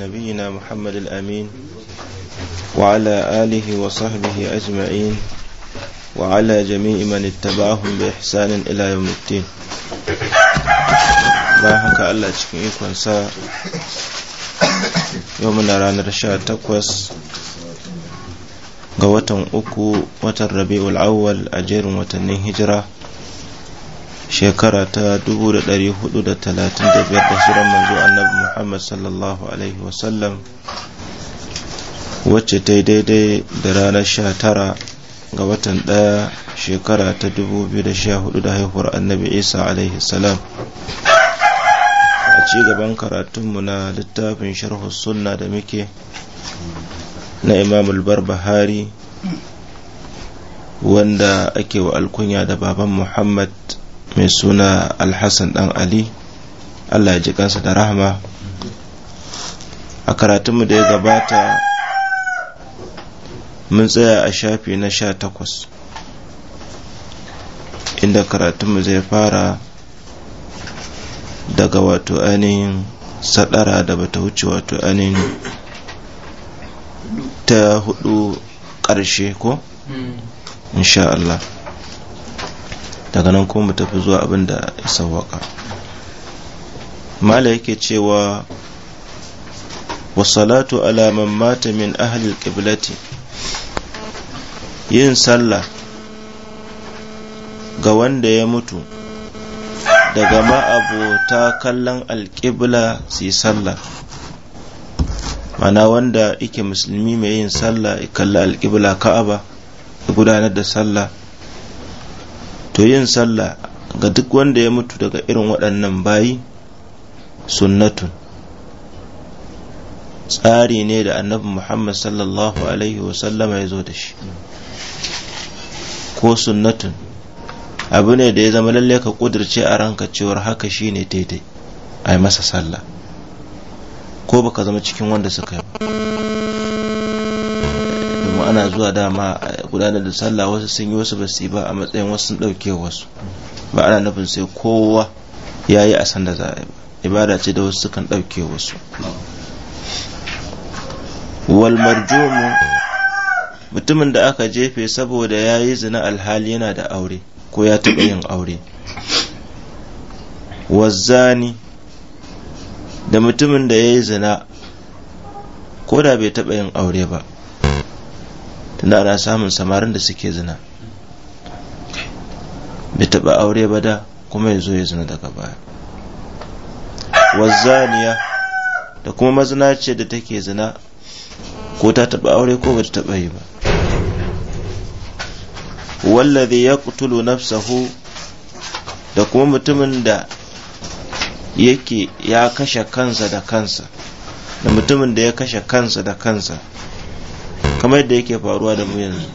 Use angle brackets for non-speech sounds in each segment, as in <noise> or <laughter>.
نبينا محمد الأمين وعلى آله وصحبه أجمعين وعلى جميع من اتبعهم بإحسان إلى يوم الدين باحك الله cikin ikonsa yau muna ranar 18 ga watan uku watan rabi'ul أجير a shekara ta 435 da shirin manzo annabi Muhammad sallallahu Alaihi wasallam wacce ta yi daidai da ranar 19 ga watan ɗaya shekara ta 2014 da haihuwar annabi Isa alaihi salam a cigaban karatunmu na littafin sharhu sunna da muke na imamul bahari wanda ake wa alkunya da baban Muhammad mai suna alhassan dan ali allah ya ji da rahama a karatunmu da ya gabata mun tsaya a shafi na sha takwas inda karatunmu zai fara daga wato ainihin sadara da bata wuce wato ainihin ta hudu karshe ko? Hmm. insha Allah. daga nan kuma mu tafi zuwa abin da ya sawaka mala yake cewa wasalatu ala man mata min ahlil qiblati yin sallah ga wanda ya mutu daga ma'abota kallon alƙibla su yi sallah mana wanda ike musulmi mai yin sallah ya kalli alƙibla ka'aba ya gudanar da sallah to yin sallah ga duk wanda ya mutu daga irin waɗannan bayi sunnatun tsari ne da annabi muhammad sallallahu alaihi wasallama ya zo da shi ko sunnatun abu ne da ya zama lalle ka kudirce a ranka cewar haka shi ne daidai a yi masa sallah ko baka zama cikin wanda suka yi ba. ana zuwa dama a gudanar da sallah wasu sun yi wasu basu yi ba a matsayin wasu sun ɗauke wasu ba ana nufin sai kowa ya yi a sanda za a ibada ce da wasu sukan ɗauke wasu wal marjumu mutumin da aka jefe saboda ya yi zina alhali yana da aure ko ya taɓa yin aure wazzani da mutumin da ya yi zina ko da bai taɓa yin aure ba tunda ana samun samarin da suke zina bai taɓa aure ba da kuma ya zo ya zina daga baya wazzaniya da kuma mazina ce da take zina ko ta taba aure ko ba ta taɓa yi ba wallazi ya kutulu nafsahu da kuma mutumin da yake ya kashe kansa da kansa da mutumin da ya kashe kansa da kansa kamar yadda yake faruwa da mu yanzu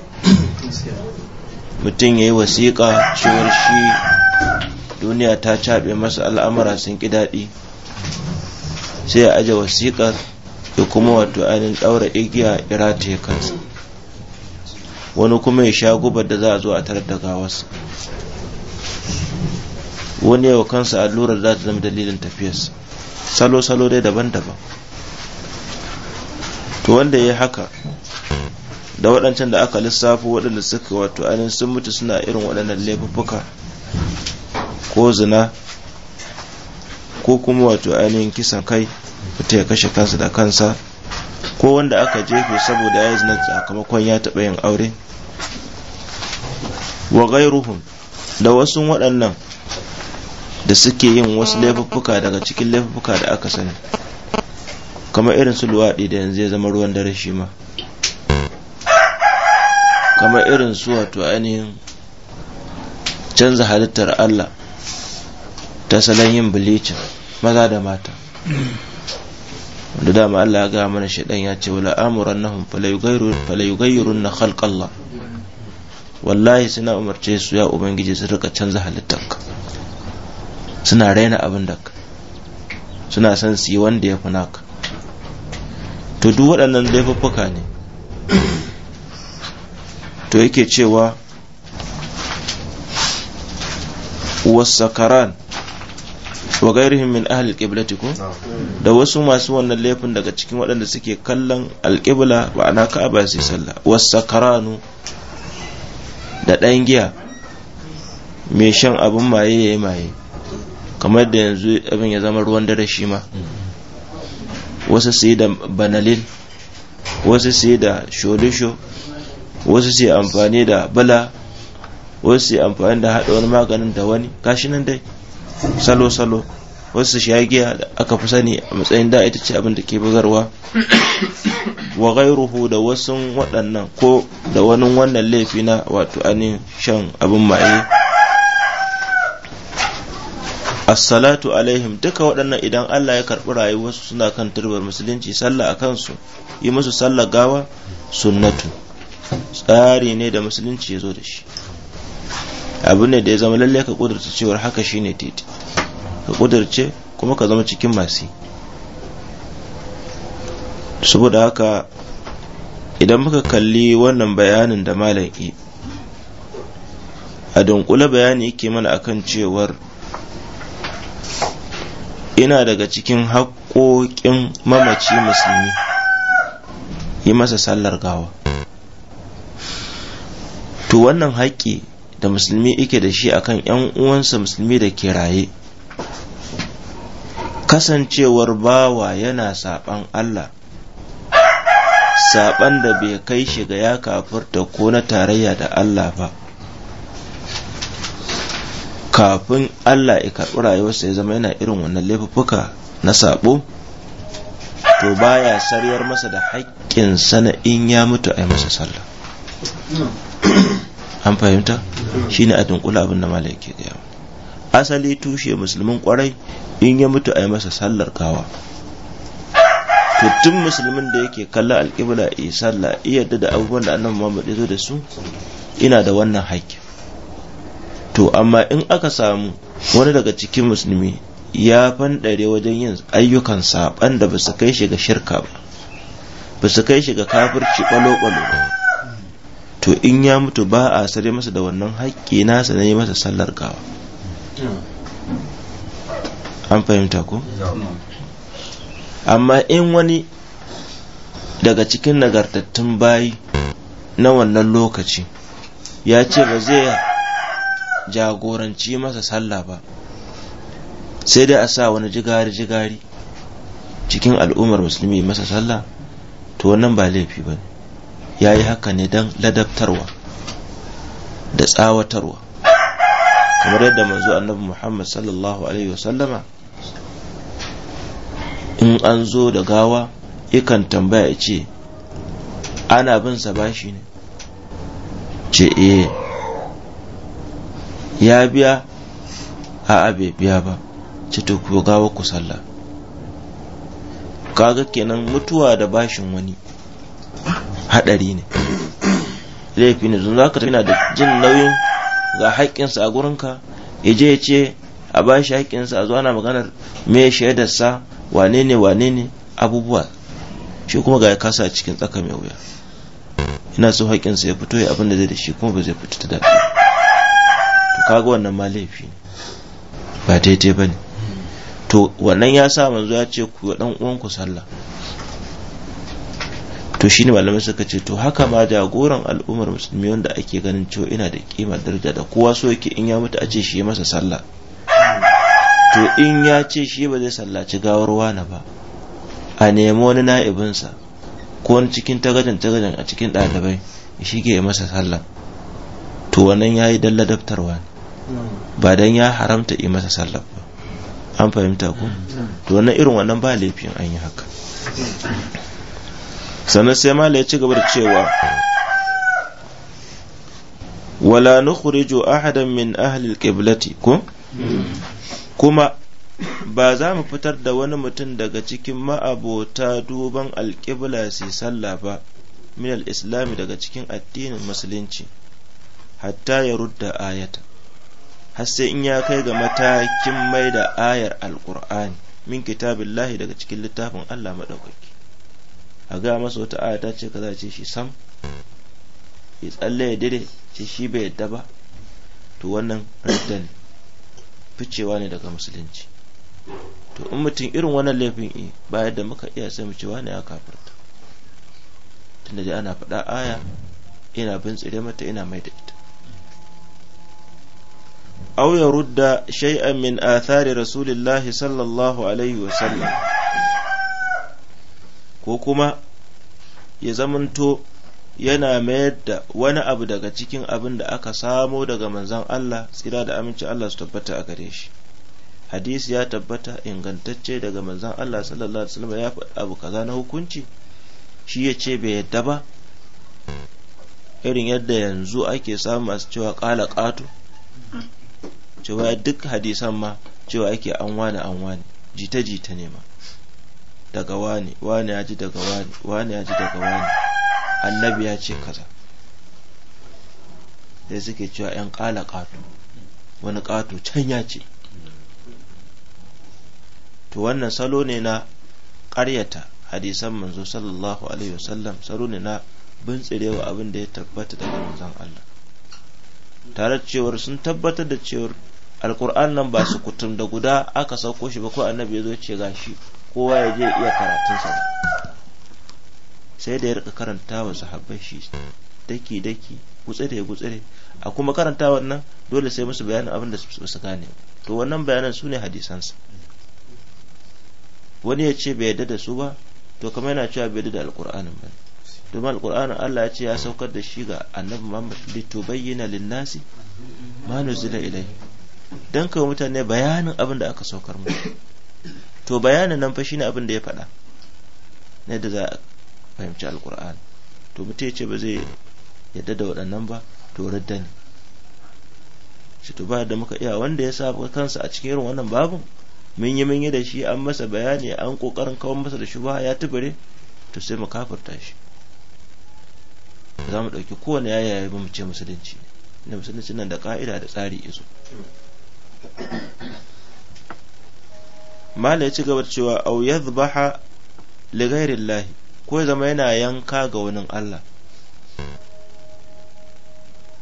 mutum ya yi wasiƙa cewar shi duniya ta caɓe masa al'amura sun ƙi daɗi sai ya aje wasiƙar ya kuma wato ainihin ɗaura igiya ira ta kansa wani kuma ya sha gubar da za a zo a tarar da gawarsa wani yau kansa allurar za ta zama dalilin tafiyarsa salo-salo dai daban-daban to wanda ya haka da waɗancan da aka lissafo waɗanda suka wato ainihin sun mutu suna irin waɗannan laifuffuka ko zina ko kuma wato ainihin kisan kai fita ya kashe kansa da kansa ko wanda aka jefe saboda ya yi zina sakamakon ya taɓa yin aure wa gairuhun da wasu waɗannan da suke yin wasu laifuffuka daga cikin laifuffuka da aka sani kamar irin su luwaɗi da yanzu ya zama ruwan dare shi ma kamar irin su wato ainihin canza halittar Allah ta salon yin bilicin maza da mata wanda dama Allah ya gaya mana shaɗan ya ce wala amuran nahum falayugayyurun na khalqallah wallahi suna umarce su ya ubangiji su rika canza halittarka suna raina abin da ka suna son su yi wanda ya fi naka to duk waɗannan laifuffuka ne to yake cewa wasakaran wa gairihin min ahli da wasu masu wannan laifin daga cikin waɗanda suke kallon alƙibla ba ana ka'aba sai sallah wasakaranu da ɗan giya mai shan abin maye ya yi maye kamar da yanzu abin ya zama ruwan dare shi ma wasu su yi da banalin wasu su yi da sholisho wasu sai amfani da bula wasu sai amfani da haɗa wani maganin da wani kashi nan dai salo-salo wasu shagiya da aka fi sani a matsayin da ita ce abin da ke bugarwa <coughs> wa gairuhu da wasu waɗannan ko da wani wannan laifi na wato anin shan abin maye assalatu alaihim duka waɗannan idan Allah ya karɓi rayuwarsu suna kan turbar musulunci sallah a kansu yi musu sallah gawa sunnatu tsari ne da musulunci ya zo da shi abin da ya zama lallai ka kudurta cewar haka shi ne titi ka kudurce kuma ka zama cikin masu saboda haka idan muka kalli wannan bayanin da malam e a dunkule bayani yake mana akan cewar ina daga cikin haƙoƙin mamaci musulmi yi masa sallar gawa to wannan haƙƙi da musulmi yake da shi akan yan uwansa musulmi da ke raye kasancewar bawa yana saɓan Allah saɓan da bai kai shi ga ya kafurta ko na tarayya da Allah ba kafin Allah ya karɓi rayuwarsa ya zama yana irin wannan laifuka na saɓo to baya sariyar masa da haƙƙin sana'in ya mutu a yi masa sallah an fahimta shi ne a dunkula abin da malai ke gaya asali tushe musulmin kwarai in ya mutu a yi masa sallar kawa to musulmin da yake kallon alƙibla salla sallah iya yadda da abubuwan da annabi Muhammad ya zo da su ina da wannan haƙƙi to amma in aka samu wani daga cikin musulmi ya fanɗare wajen yin ayyukan saɓan da ba su kai shi ga shirka ba ba su kai shi ga kafirci ɓalo-ɓalo ba to in ya mutu ba a sare masa da wannan haƙƙi nasa na yi masa sallar gawa an fahimta ko amma in wani daga cikin nagartattun bayi na wannan lokaci ya ce ba zai jagoranci masa sallah ba sai dai a sa wani jigari-jigari cikin al'ummar musulmi masa sallah to wannan ba laifi ba ne ya yi haka ne don ladabtarwa da tsawatarwa kamar yadda manzo annabi muhammad sallallahu alaihi wasallama in an zo da gawa ikan tambaya ce ana bin sa bashi ne ce eh ya biya a bai biya ba ce to ku gawa ku sallah kaga kenan mutuwa da bashin wani hadari ne laifi ne zan ka tafina da jin nauyin ga haƙƙinsa a gurinka ya je ya ce a ba shi haƙƙinsa a zuwa na maganar me shaidarsa wane ne wane ne abubuwa shi kuma ga ya kasa cikin tsaka mai wuya ina so haƙƙinsa ya fito ya abin da zai da shi kuma ba zai fito ta daɗi to kaga wannan ma laifi ne ba daidai ba ne to wannan ya sa manzo ya ce ku dan uwanku sallah to shine malamai suka ce to haka ma jagoran al'ummar musulmi wanda ake ganin cewa ina da kima daraja da kowa so yake in ya mutu a ce shi ya masa sallah to in ya ce shi ba zai sallaci gawar wani ba a nemi wani na'ibinsa ko wani cikin tagajen tagajen a cikin ɗalibai shi ke masa sallah to wannan ya yi dalla daftarwa ne ba dan ya haramta yi masa sallah ba an fahimta ku to wannan irin wannan ba laifin an yi haka sannan sai mala ya ci gaba da cewa wala nukhriju ahadan min ahli alqiblati ko kuma ba za mu fitar da wani mutum daga cikin ma'abota duban alƙibla sai sallah ba min al-islami daga cikin addinin musulunci hatta ya rudda ayata har sai in ya kai ga matakin mai da ayar alƙur'ani min kitabillahi daga cikin littafin Allah maɗaukaki a gaya masa wata aya ta ce kaza ce shi sam ya tsalle ya dire ce shi bai yadda ba to wannan radda ne ficewa ne daga musulunci to in mutum irin wannan laifin yi ba yadda muka iya sai mu ce wani ya kafirta tunda dai ana faɗa aya ina bin tsire mata ina mai da ita Au ya rudda shay'an min athari rasulillahi sallallahu alaihi wa sallam ko kuma ya zamanto yana mayar da wani abu daga cikin abin da aka samo daga manzan Allah tsira da aminci Allah su tabbata a gare shi hadisi ya tabbata ingantacce daga manzan Allah sallallahu alaihi wasallam ya faɗi abu kaza na hukunci shi ya ce bai yadda ba irin yadda yanzu ake samu masu cewa ƙala ƙato cewa duk hadisan ma cewa ake an wani an wani jita jita ne ma daga wani wani ya ji daga wani wani ya ji daga wani annabi ya ce kaza sai suke cewa yan kala kato wani kato can ya ce to wannan salo ne na ƙaryata hadisan manzo sallallahu alaihi wasallam salo ne na bintsirewa abin da ya tabbata daga manzon Allah tare cewar sun tabbatar da cewar alkur'an nan ba su kutum da guda aka sauko shi ba ko annabi ya zo ce gashi kowa ya je iya karatunsa ba sai da ya rika karanta wa sahabbai shi daki daki gutsire gutsire a kuma karanta wannan dole sai musu bayanin abin da su gane to wannan bayanan su ne hadisansa wani ya ce bai yadda da su ba to kamar yana cewa bai yadda da alkur'anin ba domin alkur'anin Allah ya ce ya saukar da shi ga annabi Muhammad lin linnasi ma nuzila ilayhi dan kai mutane bayanin abin da aka saukar mu to bayanin nan fa ne abin da ya faɗa na yadda za a fahimci alkur'ani to mutum ya ce ba zai yadda da waɗannan ba to radda ne shi to ba da muka iya wanda ya sa kansa a cikin irin wannan babin mun yi mun yi da shi an masa bayani an kokarin kawo masa da shubha ya tubare to sai mu kafirta shi za mu ɗauki kowane yaya ya mu ce musulunci ne musulunci nan da ka'ida da tsari izo malai ya ci gaba cewa au yadhbaha li ghairillahi ko zama yana yanka ga wani Allah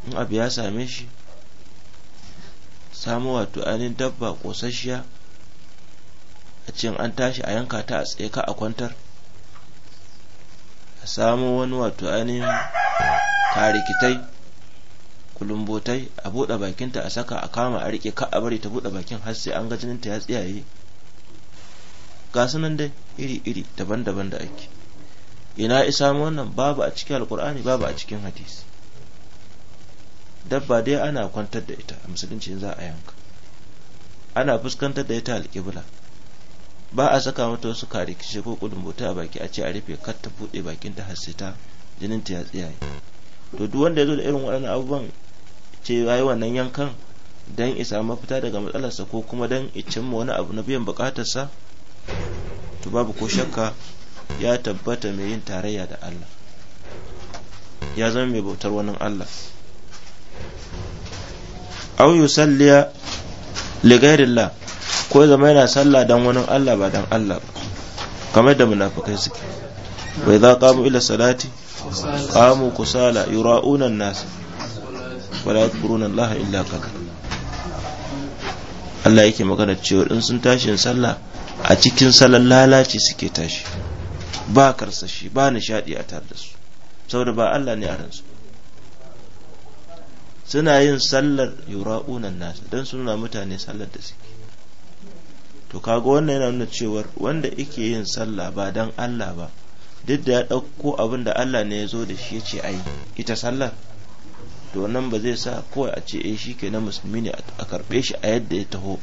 in abu ya same shi samu wato ainihin dabba kosasshiya a cikin an tashi a yanka ta a tsaye ka a kwantar a samu wani wato ainihin tarikitai kulumbotai a buɗe bakinta a saka a kama a rike ka a bari ta buɗe bakin har sai an ga jininta ya tsiyaye ga nan dai iri-iri daban-daban da ake ina isa wannan babu a cikin alkur'ani babu a cikin hadisi dabba dai ana kwantar da ita a musulunci za a yanka ana fuskantar da ita alƙibla ba a saka mata wasu kare kishe ko kudin bota a baki a ce a rufe kar ta buɗe bakin ta har sai ta jinin ta ya tsiyaye to duk wanda ya zo da irin waɗannan abubuwan ce yi wannan yankan don isa mafita daga matsalarsa ko kuma dan icin wani abu na biyan bukatarsa to babu ko shakka ya tabbata mai yin tarayya da Allah ya zama mai bautar wani Allah aw yusalliya li ghairillah ko zama yana sallah dan wani Allah ba dan Allah ba kamar da munafikai suke wa idza qamu ila salati qamu kusala yura'una an-nas wa la yadhkuruna Allah illa qalilan Allah yake magana cewa in sun tashi sallah a cikin salon lalace suke tashi ba karsashi ba nishadi a tare da su saboda ba Allah ne a ransu suna yin sallar yura'unan nasa don su nuna mutane sallar da suke to kaga wannan yana nuna cewar wanda yake yin sallah ba don Allah ba duk da ya ɗauko abin da Allah ne ya zo da shi ya ce ai ita sallar to nan ba zai sa kawai a ce eh shi ke na musulmi ne a karɓe shi a yadda ya taho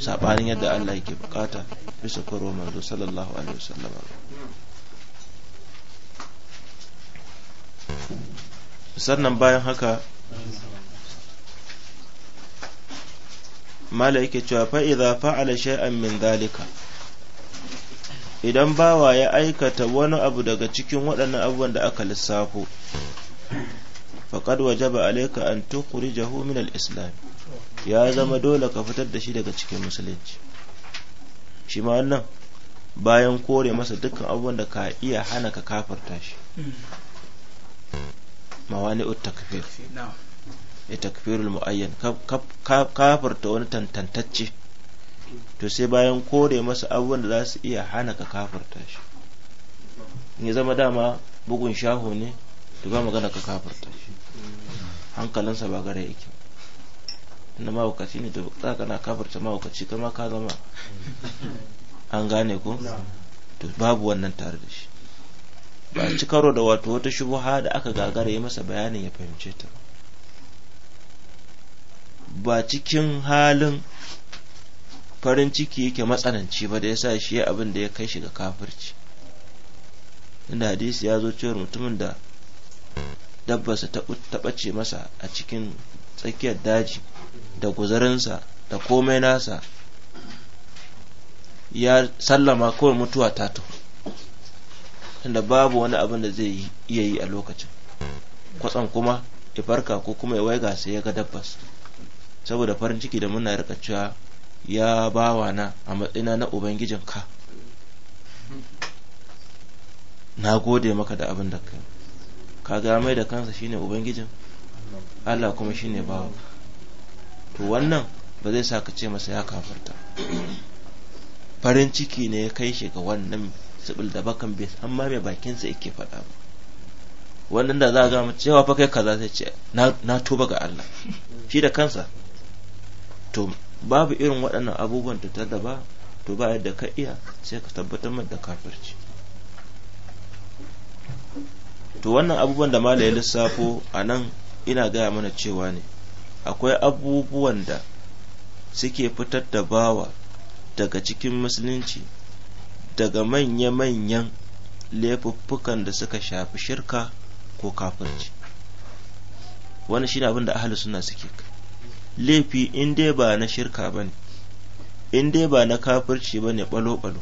sabanin yadda Allah yake bukata bisa karo manzo sallallahu alaihi wasallam sannan bayan haka mala yake cewa fa idza fa'ala shay'an min dalika idan bawa ya aikata wani abu daga cikin waɗannan abubuwan da aka lissafo faƙad wajaba alaika an jahu min al-islam ya zama dole ka fitar da shi daga cikin musulunci shi ma wannan bayan kore masa dukkan abubuwan da ka iya hana ka kafarta shi ma wani takfir ya takfirul mu'ayyan kafarta wani tantantacce to sai bayan kore masa abubuwan da za su iya hana ka kafarta shi in ya zama dama bugun shaho ne to ba magana ka kafarta shi hankalinsa ba gare yake na mahaukaci ne da za na kafarta mahaukaci kama ka zama an gane ko to babu wannan tare da shi ba ci karo da wato wata shubuha da aka gagara yi masa bayanin ya fahimce ta ba cikin halin farin ciki yake matsananci ba da ya sa shi abin da ya kai shi ga kafirci inda hadisi ya zo cewar mutumin da dabbarsa ta ɓace masa a cikin tsakiyar daji da guzarinsa da komai nasa ya sallama kawai mutuwa ta to tunda babu wani abin da zai iya yi a lokacin kwatsam kuma ya farka ko kuma ya waiga sai ya ga dabbas saboda farin ciki da muna rika cewa ya bawa na a matsayina na ubangijin ka na gode maka da abin da ka ga mai da kansa shine ubangijin Allah kuma shine bawa to wannan ba zai sa ka ce masa ya kafarta farin ciki ne ya kai shi ga wannan sabil da bakan bai san ma mai bakinsa yake faɗa ba wannan da za a gama cewa fa kai kaza sai ce na tuba ga Allah shi da kansa to babu irin waɗannan abubuwan ta tada ba to ba yadda ka iya sai ka tabbatar mai da kafirci to wannan abubuwan da malayi lissafo a nan ina gaya mana cewa ne akwai abubuwan da suke fitar da bawa daga cikin musulunci daga manya-manyan laifuffukan da suka shafi shirka ko kafirci wani shi abin da ahalus suna suke laifi in dai ba na shirka ba ne in dai ba na kafirci ba ne balo-balo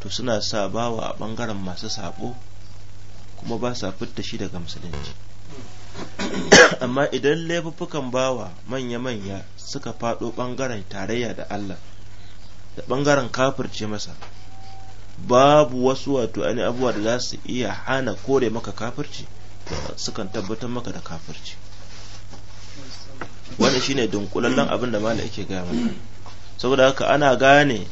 to suna sa bawa a ɓangaren masu sabo kuma ba sa fitta shi daga musulunci amma idan laifuffukan bawa manya-manya suka faɗo ɓangaren tarayya da Allah da ɓangaren kafirce masa babu wasu wato ani abubuwa da za su iya hana kore maka kafirci sukan tabbatar maka da kafirci wanda shine dunkulallen abin da mala yake gaya maka saboda haka ana gane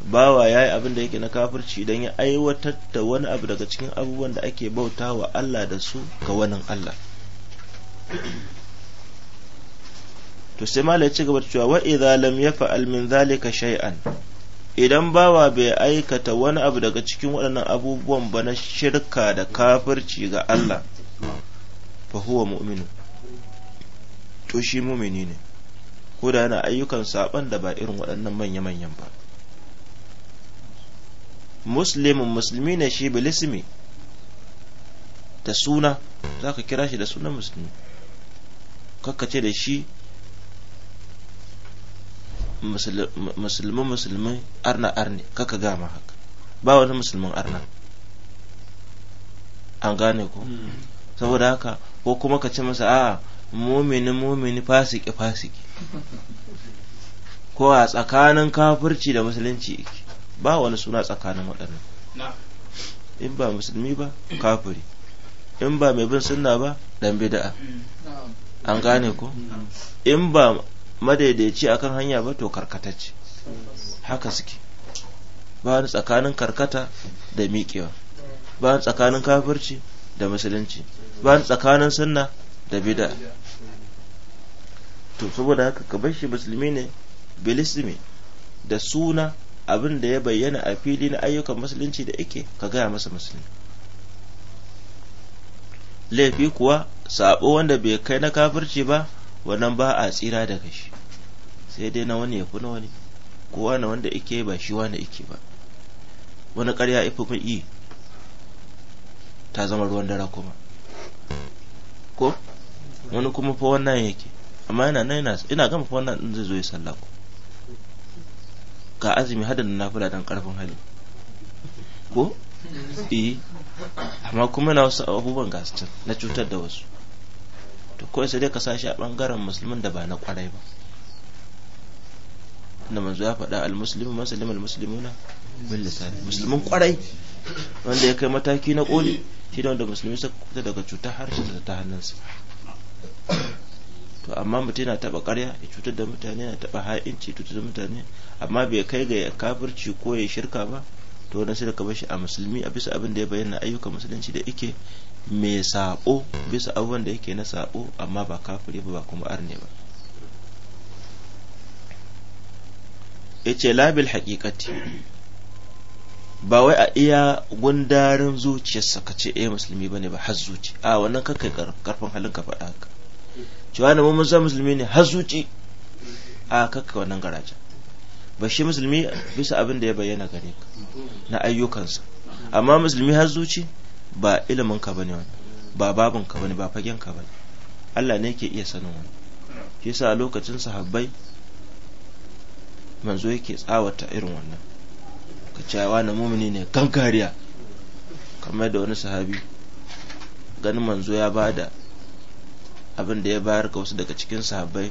bawa ya yi abin da yake na kafirci idan ya aiwatar da wani abu daga cikin abubuwan da ake bauta wa Allah da su ga wani Allah to sai mala ya ci gaba cewa wa idza lam yaf'al min zalika shay'an idan bawa bai aikata wani abu daga cikin waɗannan abubuwan ba na shirka da kafirci ga Allah fa huwa mu'minu to shi mumini ne ko da yana ayyukan saban da ba irin waɗannan manya-manyan ba muslimin musulmi ne shi bilismi da suna za ka kira shi da sunan musulmi kakace da shi musulmin musulmin arna arne kaka gama haka ba wani musulmin arna an gane ko hmm. saboda haka ko kuma ka ce masa a'a mumini mumini fasiki fasiki <laughs> ko a tsakanin kafirci da musulunci ba wani suna tsakanin waɗannan in ba musulmi ba kafiri in ba mai bin sunna ba dan bid'a hmm. an gane ko in ba madaidaici kan hanya ba to karkatacce haka suke ba tsakanin karkata da miƙewa ba tsakanin kafirci da musulunci ba tsakanin sunna da bida to saboda haka ka bar shi musulmi ne bilismi da suna abin da ya bayyana a fili na ayyukan musulunci da ake ka gaya masa musulmi laifi kuwa sabo wanda bai kai na kafirci ba wannan ba a tsira daga shi sai dai na wani ya fi na wani kowa na wanda ike ba shi wani ike ba wani karya ififin yi ta zama ruwan dare kuma ko wani kuma fa wannan yake amma yana nan yana ina gama fa wannan din zai zo ya sallah ku ga azumi hada na nafila dan karfin hali ko eh amma kuma na wasu abubuwan gasu na cutar da wasu to kawai sai dai ka sashi a bangaren musulmin da ba na kwarai ba inda manzo ya faɗa al-muslimu muslimu al-muslimuna bil lisan musulmin kwarai wanda ya kai mataki na koli shi da wanda musulmi suka kuta daga cutar harshen da ta hannunsa to amma mutum yana taɓa karya ya cutar da mutane yana taɓa ha'inci cutar da mutane amma bai kai ga kafirci ko ya shirka ba to wannan sai da ka bashi a musulmi a bisa abin da ya bayyana ayyukan musulunci da yake mai sabo bisa abubuwan da yake na sabo amma ba kafiri ba kuma arne ba yace labil haƙiƙati ba wai a iya gundarin zuciyarsa ka ce eh musulmi bane ba har zuci a wannan kakai karfin halin ka faɗa haka cewa na mun san musulmi ne har zuci a kakka wannan garaja ba shi musulmi bisa abin da ya bayyana gare ka na ayyukansa amma musulmi har zuci ba ilimin ka bane wani ba babin ka bane ba fagen ka bane Allah ne yake iya sanin wani shi yasa lokacin sahabbai manzo yake tsawata irin wannan ka cewa na mumini ne kankariya kamar da wani sahabi ganin manzo ya bada abin da ya bayar ga wasu daga cikin sahabbai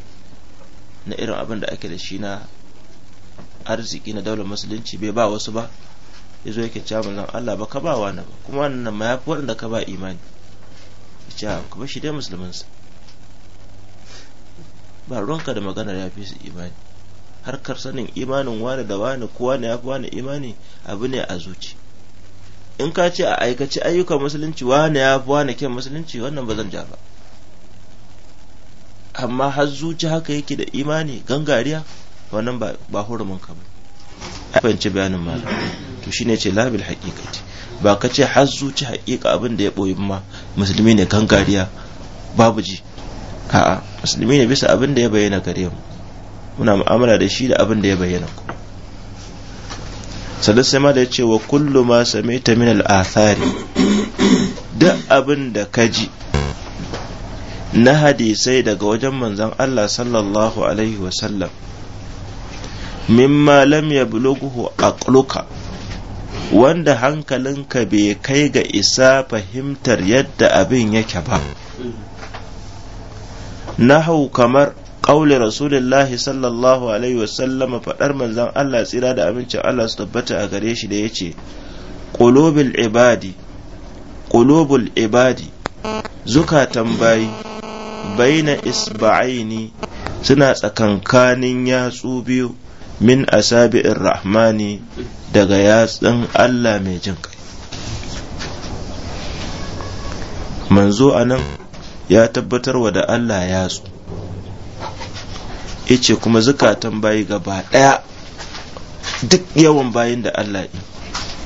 na irin abin da ake da shi na arziki na daular musulunci bai ba wasu ba ya zo yake cewa manzon Allah ba ka ba wani ba kuma wannan ma ya fi waɗanda ka ba imani ya ce ka bar shi dai musulmansa ba ruwanka da maganar ya fi su imani harkar sanin imanin wani da wani kowa ne ya fi wani imani abu ne a zuci in ka ce a aikace ayyukan musulunci wani ya fi wani kyan musulunci wannan ba zan ja ba amma har zuci haka yake da imani gangariya wannan ba hurumin ka ba fahimci bayanin malam to shine ce labil haqiqati ba ka ce har zuci haqiqa abin da ya boyi ma musulmi ne kan gariya babu ji a'a musulmi ne bisa abin da ya bayyana gare mu muna mu'amala da shi da abin da ya bayyana ku sannan sai ma da ce wa kullu ma samaita min al-athari duk abin da ka ji na hadisai daga wajen manzon Allah sallallahu alaihi wa sallam mimma lam yablughu aqluka wanda hankalinka bai kai ga isa fahimtar yadda abin yake ba nahau kamar ƙauli rasulullahi sallallahu alaihi wasallama faɗar manzan Allah tsira da amincin Allah su tabbata a gare shi da ya ce ƙulubul ibadi ƙulubul ibadi zukatan bayi baina isba'aini suna tsakankanin yatsu biyu min asabi'ir rahmani daga yatsun Allah mai jin kai manzo a nan ya wa da Allah ya yatsu ice kuma zukatan bayi gaba ɗaya duk yawan bayin da Allah yi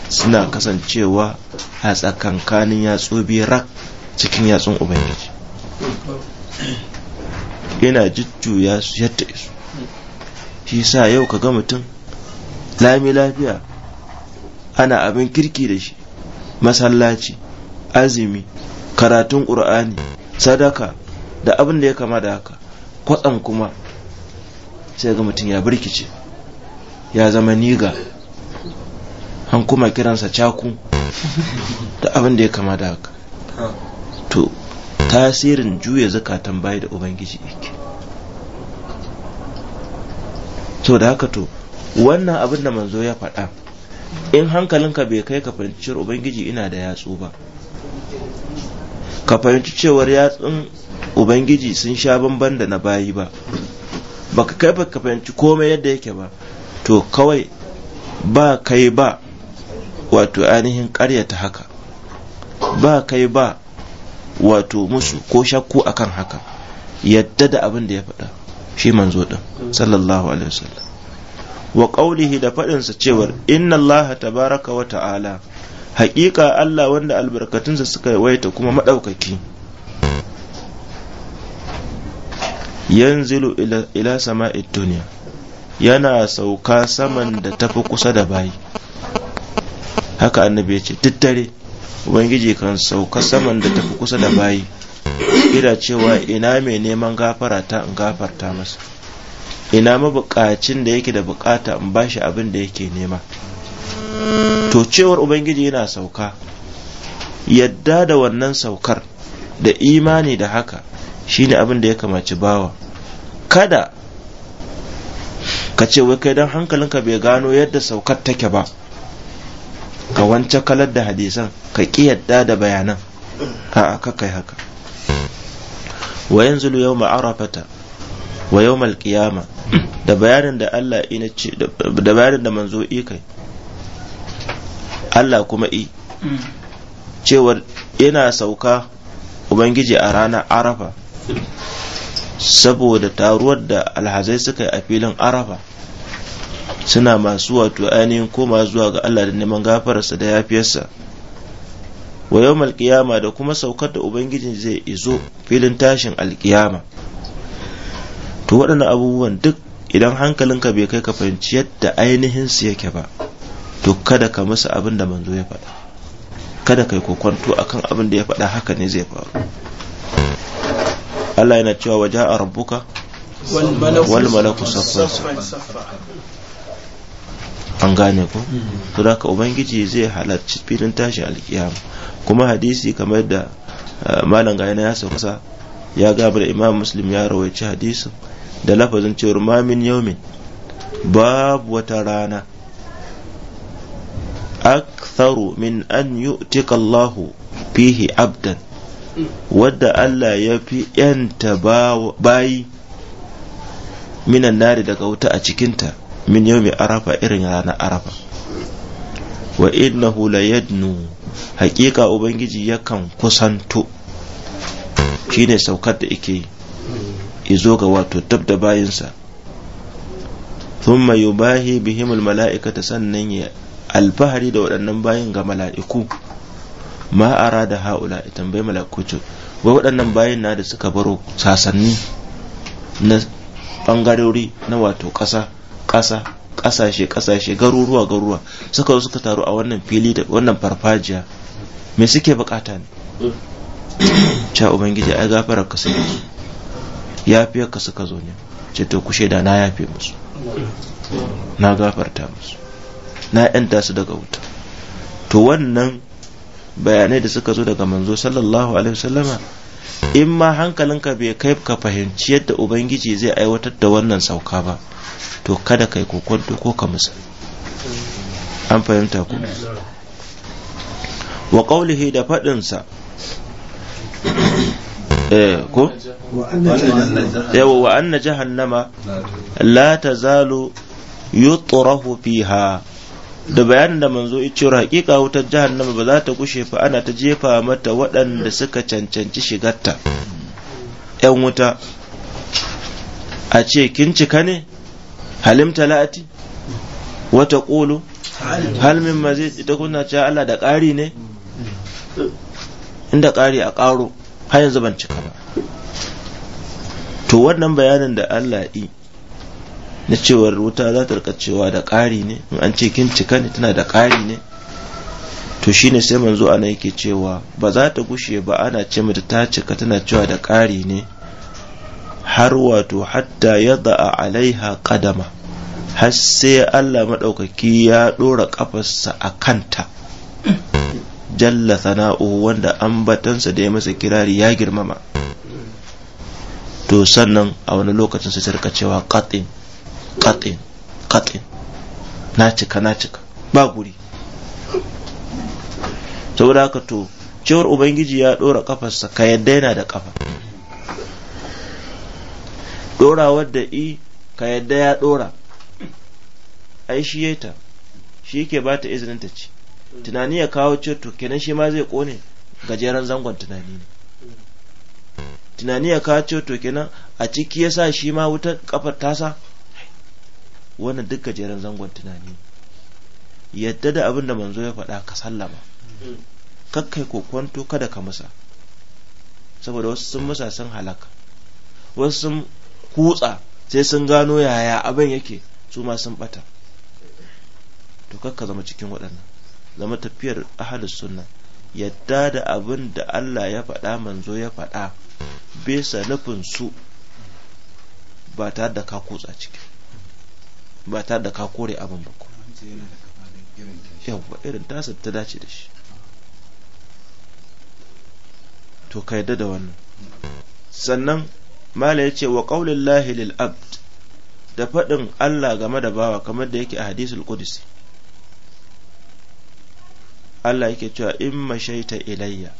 suna kasancewa a tsakankanin yatsu biyu rak cikin yatsun ubangiji yana jujjuya su yadda isu ke sa yau ka ga mutum lami lafiya ana abin kirki da shi masallaci azumi karatun ƙur'ani sadaka da abin da ya kama da haka kwatsam kuma sai ga mutum ya birkice ya zama niga an kuma kiransa caku da abin da ya kama da haka to tasirin juya zakatan bayi da ubangiji yake so da haka to wannan abin da manzo ya faɗa in hankalinka bai kai ka fahimci ubangiji ina da yatsu ba ka fahimci cewar yatsun ubangiji sun sha bamban da na bayi ba ba ka kai ka fahimci komai yadda yake ba to kawai ba kai ba wato ainihin karyata haka ba kai ba wato musu ko shakku akan haka yadda da abin da ya faɗa shi manzo din sallallahu alaihi wasallam wa qawlihi da faɗinsa cewar inna Allah tabaraka wa ta'ala haƙiƙa Allah wanda albarkatunsa suka waita kuma maɗaukaki yanzilu ila, ila sama'id dunya yana sauka saman da tafi kusa da bayi haka annabi ya ce tattare ubangiji kan sauka saman da tafi kusa da bayi Gida cewa ina mai neman gafara ta in gafarta masa ina mabukacin da yake da bukata in bashi abin da yake nema to cewar ubangiji yana sauka yadda da wannan saukar da imani da haka shine abin da ya kamaci bawa kada ka ce wai kai don hankalinka bai gano yadda saukar take ba ka wance kalar da hadisan ka ƙi yadda da bayanan a'a kakai haka wa yanzulu yawma arafata wa yau qiyama da bayanin da Allah ina ce da bayanin da manzo i Allah kuma i cewar yana sauka ubangiji a rana arafa saboda taruwar da alhazai suka yi a filin arafa suna masu wato ainihin koma zuwa ga Allah da neman gafararsa da yafiyarsa wa yawmal qiyama da kuma saukar da ubangiji zai izo filin tashin alkiyama to waɗannan abubuwan duk idan hankalinka bai kai ka fahimci yadda ainihin su yake ba to kada ka musu abin da manzo ya faɗa kada kai kokonto akan abin da ya faɗa haka ne zai faru Allah yana cewa waje a rabbuka wal malaku safa an gane ko mm. to da ubangiji zai halarci filin tashi alkiyama kuma hadisi kamar da uh, malam gayana ya kusa ya gaba da imam muslim ya rawaici hadisi. da lafazin cewar mamin yaumin babu wata rana aktharu min an yu'tika Allah fihi abdan wadda Allah ya fi yanta bayi minan nari daga wuta a cikinta min yau arafa irin ranar arafa wa innahu la yadnu hakika ubangiji yakan kusanto shine saukar da ike izo ga wato dab da bayinsa thumma yubahi bihimul mala'ikata sannan ya alfahari da waɗannan bayin ga mala'iku ma ara da haula ya tambayi ce wai waɗannan bayan na da suka baro sasanni na ɓangarori na wato ƙasa ƙasa ƙasashe ƙasashe garuruwa garuruwa suka suka taru a wannan fili da wannan farfajiya me suke bukata ne ca <coughs> ubangiji ai gafarar ka sai Ya yafiyar ka suka zo ne ce to ku shaida na yafe musu na gafarta musu na yanta su daga wuta to wannan bayanai da suka zo daga manzo sallallahu alaihi wasallama in ma hankalinka bai kai ka fahimci yadda ubangiji zai aiwatar da wannan sauka ba to kada kai kokonto ko ka musa an fahimta ku wa qawlihi da faɗinsa eh, wa anna jahannama la tazalu yutrahu fiha da bayanin da manzo ya cewa hakika wutar jahannama ba za ta gushe fa ana ta jefa mata waɗanda suka cancanci shigarta ‘yan wuta a ce kin cika ne halim talati wata ƙulu halmin mazid ita kuna cewa Allah da ƙari ne inda ƙari a ƙaro har yanzu ban cika ba to wannan bayanin da Allah yi na cewar wuta za ta rika cewa da ƙari ne in an ce kin cika ne tana da ƙari ne to ne sai manzo ana yake cewa ba za ta gushe ba ana ce mata ta cika tana cewa da ƙari ne har wato hatta ya da'a alaiha kadama har sai Allah maɗaukaki ya ɗora ƙafarsa a kanta jalla sana'u wanda ambatansa da ya masa kirari ya girmama to sannan a wani lokacin sai ta cewa katin katin katin na cika na cika ba guri saboda haka to cewar ubangiji ya ɗora ƙafarsa ka yadda yana da ƙafa dorawar da i ka yadda ya dora ai shi ta shi ke ba ta izinin ta ci tunani ya kawo ce kenan shi ma zai kone gajeren zangon tunani ne tunani ya kawo ce kenan a ciki ya sa shi ma wutar kafar tasa wannan duk gajeren zangon tunani ne. yadda da abin da manzo ya faɗa ka sallama kakkai kokwanto kada ka musa saboda wasu sun musa sun halaka wasu sun kutsa sai sun gano yaya abin yake su ma sun bata to kakka zama cikin waɗannan zama tafiyar ahalus sunna yadda da abin da Allah ya faɗa manzo ya faɗa bisa nufin su ba tare da ka kutsa ciki ba tare da ka kore abin ba ku irin tasa ta dace da shi to ka yadda da wannan sannan mala yace wa qaulillahi lil abd da faɗin Allah game da bawa kamar da yake a hadisul qudsi Allah yake cewa in mashaita ilayya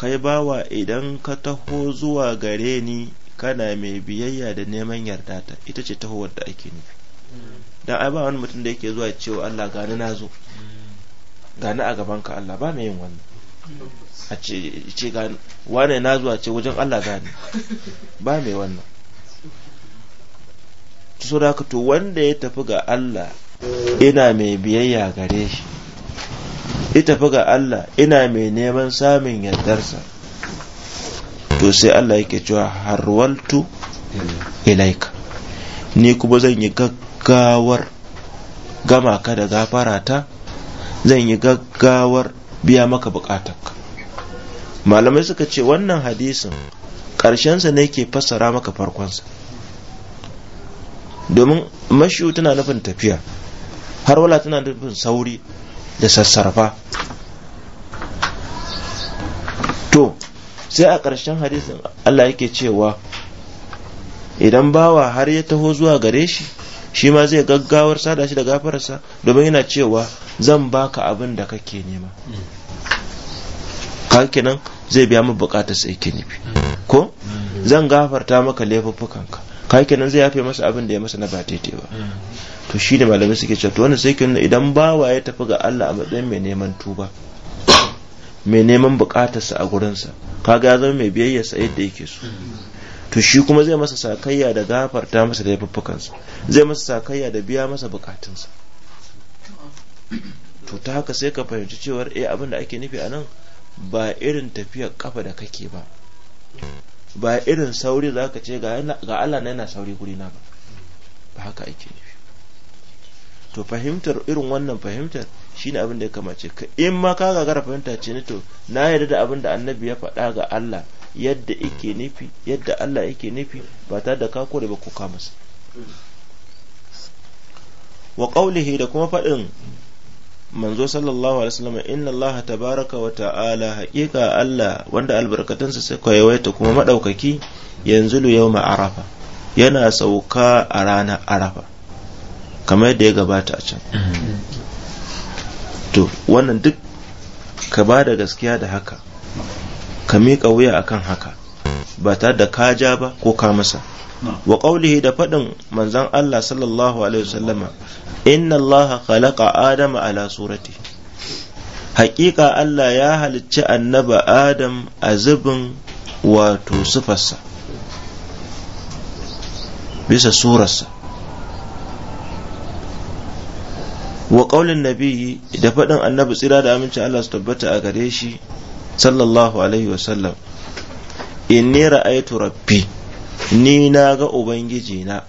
kai bawa idan ka taho zuwa gare ni kana mai biyayya da neman yarda ta ita ce tahowar da ake nufi dan ai ba wani mutum da yake zuwa cewa Allah gani na zo gani a gaban ka Allah ba mai yin wannan a ce wane na zuwa ce wajen Allah gani ba mai wannan so da to wanda ya tafi ga Allah ina mai biyayya gare shi ya tafi ga Allah ina mai neman samun yardarsa to sai Allah yake cewa harwaltu ilaika ni kuma zan yi gaggawar gama ka da gafarata zan yi gaggawar biya maka bukatarka malamai suka ce wannan hadisin ƙarshensa ne ke fassara maka farkonsa domin mashu tana nufin tafiya har wala tana nufin sauri da sassarfa to sai a ƙarshen hadisin Allah yake cewa idan bawa har ya taho zuwa gare shi shi ma zai gaggawar sada shi da gafararsa domin yana cewa zan baka abin da kake nema kenan zai biya min bukatar sai ke nufi ko zan gafarta maka laifuffukanka ka kenan zai yafe masa abin da ya masa na ba daidai ba to shi da malamai suke cewa to wannan sai kenan idan bawa ya tafi ga Allah a matsayin mai neman tuba mai neman bukatarsa a gurinsa kaga ya zama mai biyayyarsa yadda yake so to shi kuma zai masa sakayya da gafarta masa da sa. zai masa sakayya da biya masa sa. to ta haka sai ka fahimci cewa eh abin da ake nufi anan. ba irin tafiyar kafa da kake ba ba irin sauri za ka ce ga Allah na yana sauri guri na ba ba haka ake nufi to fahimtar irin wannan fahimtar shine abin da ya kamace ka in ma ka gagara fahimta ce ni to na yarda da abin da annabi ya faɗa ga Allah yadda yake nufi yadda Allah yake nufi ba tare da ka kore ba ko ka masa wa qawlihi da kuma faɗin manzo sallallahu alaihi wasallam inna allaha tabaraka wa ta'ala haqiqa allah wanda albarkatunsa sai yawaita kuma madaukaki lu yawma arafa yana sauka a ranar arafa kamar yadda ya gabata a can to wannan duk ka ba da gaskiya da haka ka miƙa wuya akan haka ba tare da ka ja ba ko ka masa wa qaulihi da faɗin manzon Allah sallallahu alaihi wasallama inna Allah khalaqa adama ala surati haƙiƙa allah ya halicci annaba adam a zubin wato sufarsa bisa surarsa wa ƙaunin nabi da faɗin annabi tsira da amincin allah su tabbata a gare shi sallallahu alaihi wasallam inni ra'aitu rabbi ni na ga ubangiji na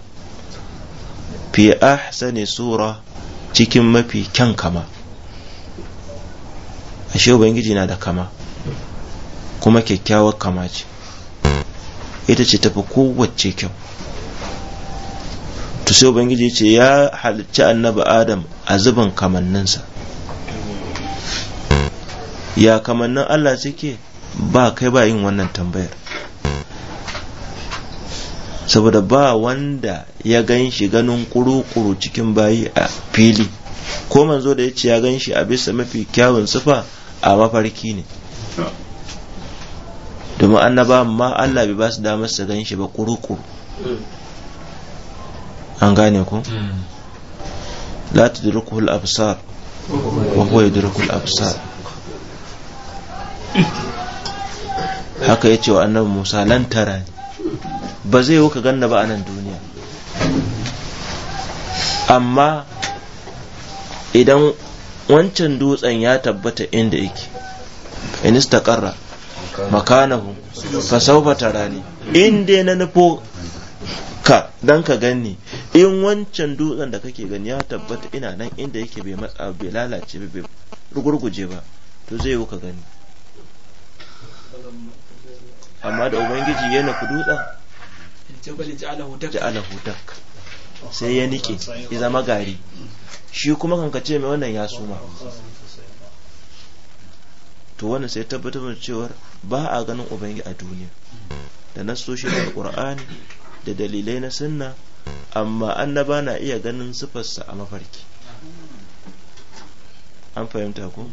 fi ahsani sura cikin mafi kyan kama ashe ubangiji na da kama kuma kyakkyawar kama ce ita ce tafi kowace kyau to sai ubangiji ce ya halicci annabi adam a zubin kamanninsa ya kamannin allah suke ba kai ba yin wannan tambayar saboda ba wanda ya gan shi ganin kuru-kuru cikin bayi a fili ko manzo da ya ce ya gan shi a bisa mafi kyawun sufa a mafarki ne domin annaba ma Allah bai ba su damar su gan shi ba kuru-kuru an gane ku la tudrikuhu al-absar wa huwa yudriku al-absar haka yace wa annabi Musa lan tara ba zai wuka ganna ba a nan duniya amma idan wancan dutsen ya tabbata inda yake in istaqarra makanahu fa ta tarani in dai na nufo ka dan ka ganni in wancan dutsen da kake gani ya tabbata ina nan inda yake bai matsa bai lalace bai rugurguje ba to zai yi gani amma da ubangiji yana ku dutsen ja'alahu dak sai ya nike ya zama gari shi kuma kanka ce mai wannan ya suma to wannan sai tabbatar da cewar ba a ganin ubangi a duniya da shi da qur'ani da dalilai na sunna amma annaba na iya ganin sifarsa a mafarki an fahimta ko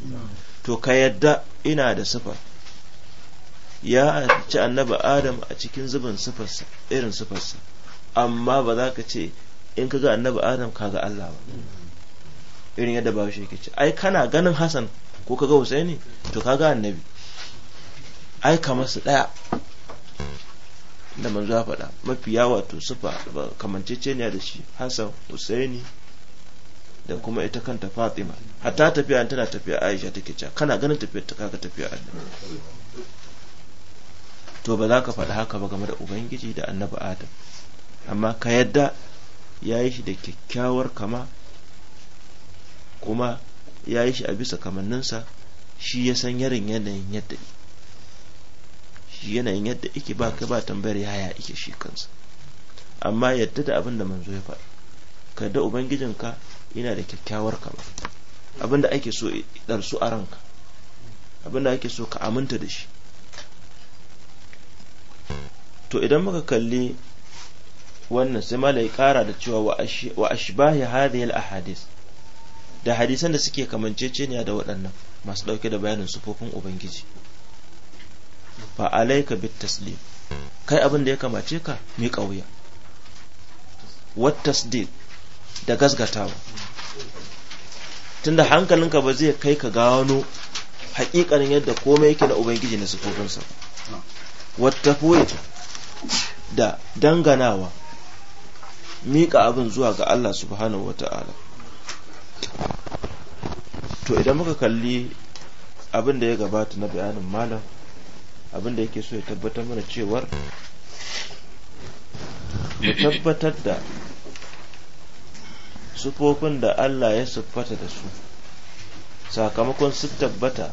to ka yadda ina da sifar ya ci annabi adam a cikin zubin sifarsa irin sifarsa amma ba za ka ce in ka ga annabi adam ka ga Allah ba irin yadda ba shi ce ai kana ganin Hassan ko ka ga Husaini to ka ga annabi ai kamar su daya da manzo ya faɗa yawa to sufa kamanceceniya da shi Hassan Husaini da kuma ita kanta Fatima hatta tafiya tana tafiya Aisha take cewa kana ganin tafiyar ta kaga tafiya annabi to ba za ka faɗi haka ba game da ubangiji da annabi adam amma ka yadda ya yi shi da kyakkyawar kama kuma ya yi shi a bisa kamanninsa shi ya san yarin yanayin yadda shi yanayin yadda ike ba ka ba tambayar yaya ike shi kansa amma yadda da abin da manzo ya faɗi ka yadda ubangijinka yana da kyakkyawar kama abin da ake so ɗarsu a ranka abin da ake so ka aminta da shi to idan muka kalli wannan sai malai kara da cewa wa ashbahi hadhihi ahadis da hadisan da suke kamanceceniya da waɗannan masu ɗauke da bayanin sufofin ubangiji fa alayka bit taslim kai abin da ya kamace ka mi kauya wat tasdiq da gasgatawa tunda hankalinka ba zai kai ka gano hakikanin yadda komai yake na ubangiji na sufofinsa wat tafwid da danganawa miƙa abin zuwa ga Allah subhanahu wata'ala to idan muka kalli abin da ya gabata na bayanin malam abin da yake so ya tabbatar mana cewar mu tabbatar da sufofin da Allah ya siffata da su sakamakon su tabbata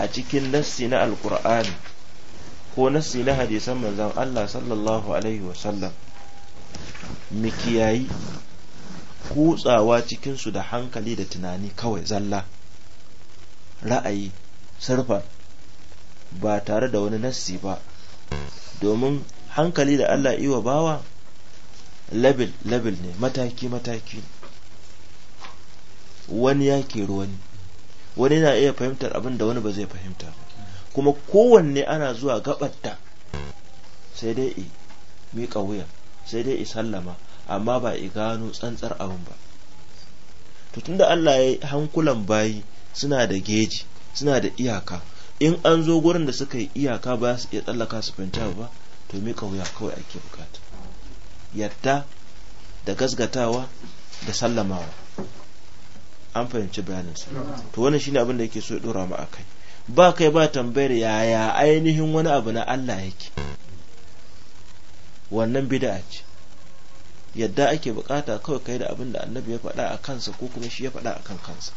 a cikin nassi na alkur'ani ko nassi na hadisan manzon Allah sallallahu alaihi wasallam mu kiyayi kutsawa cikinsu da hankali da tunani kawai zalla ra'ayi sarfa ba tare da wani nassi ba domin hankali da Allah iwa bawa labil labil ne mataki mataki wani ya ke wani wani na iya fahimtar abin da wani ba zai fahimta ba kuma kowanne ana zuwa gabatta sai dai i miƙa wuya sai dai i sallama amma ba i gano tsantsar abun ba to tunda Allah ya yi hankulan bayi suna da geji suna da iyaka in an zo gurin da suka yi iyaka ba su iya tsallaka su fahimta ba to miƙa wuya kawai ake bukata yadda da gasgatawa da sallamawa an fahimci bayaninsa to wannan shine abin da yake so ya dora mu akai ba kai ba tambayar yaya ainihin wani abu na Allah yake wannan bid'a ce yadda ake bukata kawai kai da abin da annabi ya faɗa a kansa ko kuma shi ya faɗa a kan kansa